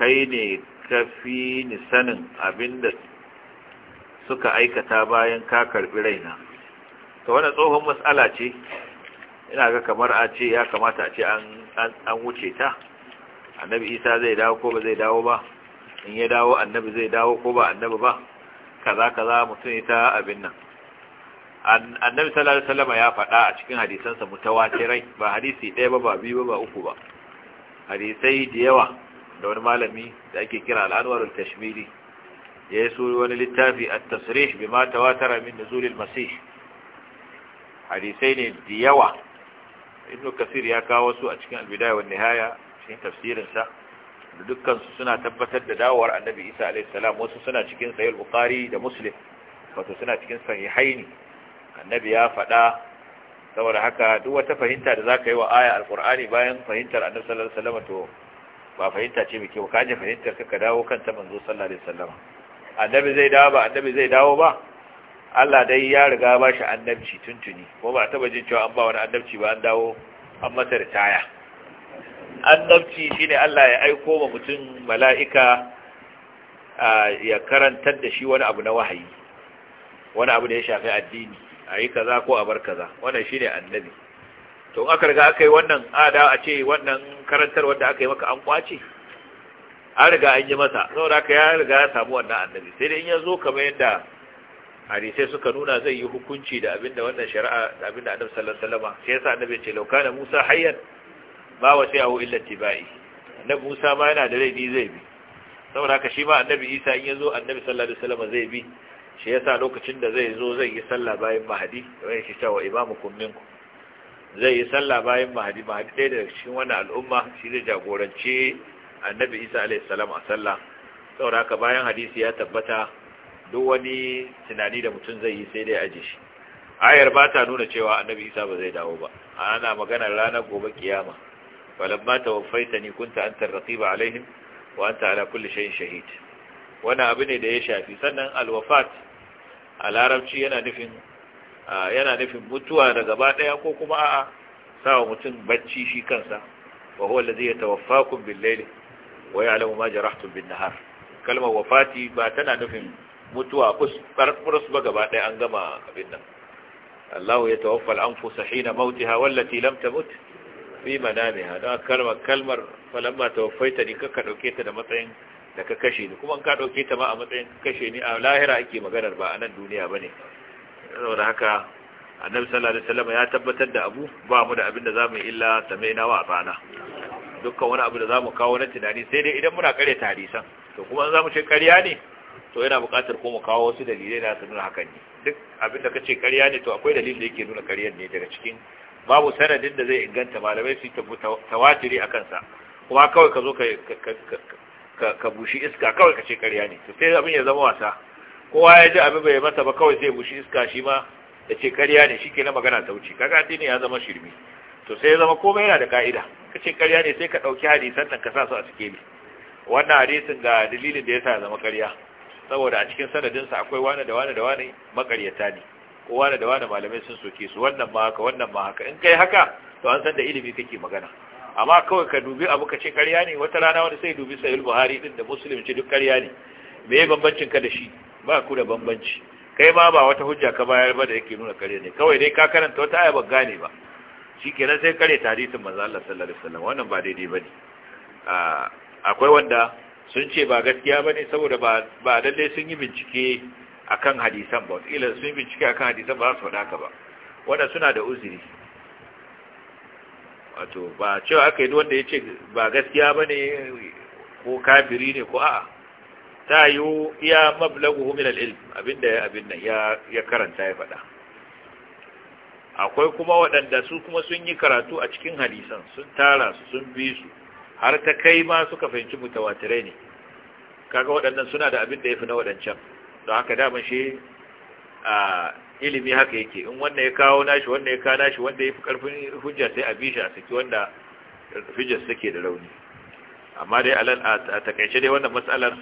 kai ne ka fi ni sanin abinda suka aikata bayan ka karbi raina ta wani tsohon matsala ce ina ga kamar a ce ya kamata a ce an wuce ta annabi isa zai dawo ko ba zai dawo ba in ya dawo annabi zai dawo ko ba annabi ba kaza kaza mutum ita abin nan annabi sallallahu alaihi wasallam ya faɗa a cikin hadisansa mutawatirai ba hadisi ɗaya ba ba biyu ba ba uku ba hadisai da yawa da wani malami da ake kira al'anwar al-tashmili ya yi suri wani littafi a tasirih bi ma tawatara min nuzulil masih hadisai ne da yawa ibnu kasir ya kawo su a cikin albidaya wa nihaya cikin tafsirinsa da dukkansu suna tabbatar da dawowar annabi isa alaihissalam wasu suna cikin sahih bukhari da muslim wato suna cikin sahihaini annabi ya faɗa saboda haka duk wata fahimta da za ka yi wa aya alqur'ani bayan fahimtar annabi sallallahu alaihi to ba fahimta ce mai kyau kaje fahimtar ka dawo kan ta manzo sallallahu alaihi wasallam annabi zai dawo ba annabi zai dawo ba Allah dai ya riga ba shi annabci tuntuni ko ba taba jin cewa an ba wani annabci ba an dawo an masa ritaya annabci shine Allah ya aiko ma mutum mala'ika ya karantar da shi wani abu na wahayi wani abu da ya shafi addini a yi kaza ko a bar kaza wannan shi ne annabi to aka riga aka yi wannan ada a ce wannan karantar wanda aka yi maka an kwace an riga an yi masa saboda aka ya riga ya samu wannan annabi sai dai in ya zo kamar yadda hadisai suka nuna zai yi hukunci da abinda wannan shari'a da abinda annabi sallallahu alaihi wasallam sai yasa annabi ce lauka na musa hayyan Ba wa sai awo illati ba'i. annabi Musa ma yana da laifi zai bi saboda haka shi ma annabi Isa in yazo annabi sallallahu alaihi wasallam zai bi shi yasa lokacin da zai zo zai yi sallah bayan mahadi wai shi cewa imamukum minkum zai yi sallah bayan mahadi mahadi ɗaya da cikin wannan al'umma shi zai jagorance annabi Isa alaihi salam a sallah saboda haka bayan hadisi ya tabbata duk wani tunani da mutum zai yi sai dai aje shi ayar ba ta nuna cewa annabi Isa ba zai dawo ba ana maganar ranar gobe kiyama falamma tawaffaitani kunta antar raqiba alaihim wa ala kulli shay'in shahid wani abu ne da ya shafi sannan alwafat a yana nufin yana nufin mutuwa da gaba daya ko kuma a'a sawa mutum bacci shi kansa wa huwa allazi yatawaffakum bil layl wa ya'lamu ma jarahtum bin nahar kalmar wafati ba tana nufin mutuwa furs ba gaba daya an gama abin nan Allahu ya tawaffa al-anfus hina mautaha wallati lam tamut fi manamiha don kalmar kalmar falamma tawaffaita ni ka dauke ta da matsayin da ka kashe ni kuma ka dauke ta ma a matsayin kashe ni a lahira ake maganar ba a nan duniya bane saboda haka annabi sallallahu alaihi wasallam ya tabbatar da abu ba mu da abin da zamu illa samaina wa bana dukkan wani abu da zamu kawo na tunani sai dai idan muna kare hadisan to kuma zamu ce kariya ne to yana buƙatar ko mu kawo wasu dalilai da su nuna hakan ne duk abin da kace kariya ne to akwai dalilin da yake nuna kariyar ne daga cikin babu sanadin da zai inganta malamai su tawatiri a kansa kuma kawai ka zo ka bushi iska kawai ka ce karya ne to sai abin ya zama wasa kowa ya ji abin bai mata ba kawai zai bushi iska shi ma ya ce karya ne shi ke na magana ta wuce kaga addini ya zama shirmi to sai ya zama komai yana da ka'ida ka ce karya ne sai ka ɗauki hadisan nan ka sa su a cike ne wannan hadisin ga dalilin da ya sa ya zama karya saboda a cikin sanadinsa akwai wani da wani da wani makaryata ne kowa da wani malamai sun soke su wannan ma haka wannan ma haka in kai haka to an san da ilimi kake magana amma kawai ka dubi abu ka ce karya ne wata rana wani sai dubi sahih buhari din da muslim ce duk karya ne me bambancin ka da shi ba ku da bambanci kai ma ba wata hujja ka bayar ba da yake nuna karya ne kawai dai ka karanta wata aya ban gane ba shikenan sai kare hadisin manzo Allah sallallahu alaihi wasallam wannan ba daidai bane akwai wanda sun ce ba gaskiya bane saboda ba ba lalle sun yi bincike akan hadisan ba ila sun bincike akan hadisan ba su faɗa ka ba wanda suna da uzuri wato ba cewa aka yi wanda ya ce ba gaskiya ba ne ko kafiri ne ko a'a ta yi iya mablagu min ilm abinda abin nan ya karanta ya faɗa akwai kuma waɗanda su kuma sun yi karatu a cikin hadisan sun tara su sun bi su har ta kai ma suka fahimci mutawatirai ne kaga waɗannan suna da abin da ya fi na waɗancan don haka daman shi a ilimi haka yake in wanda ya kawo nashi wanda ya kawo nashi wanda ya fi karfin hujja sai a bisha a saki wanda hujjar suke da rauni amma dai a takaice dai wannan matsalar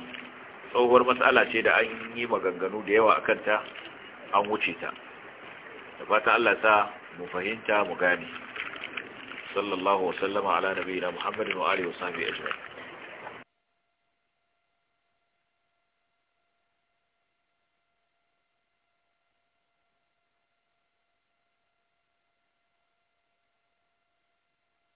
tsohuwar matsala ce da an yi maganganu da yawa a kanta an wuce ta da fatan Allah sa mu fahimta mu gane sallallahu wasallama ala nabiyina muhammadin wa alihi wa sahbihi ajma'in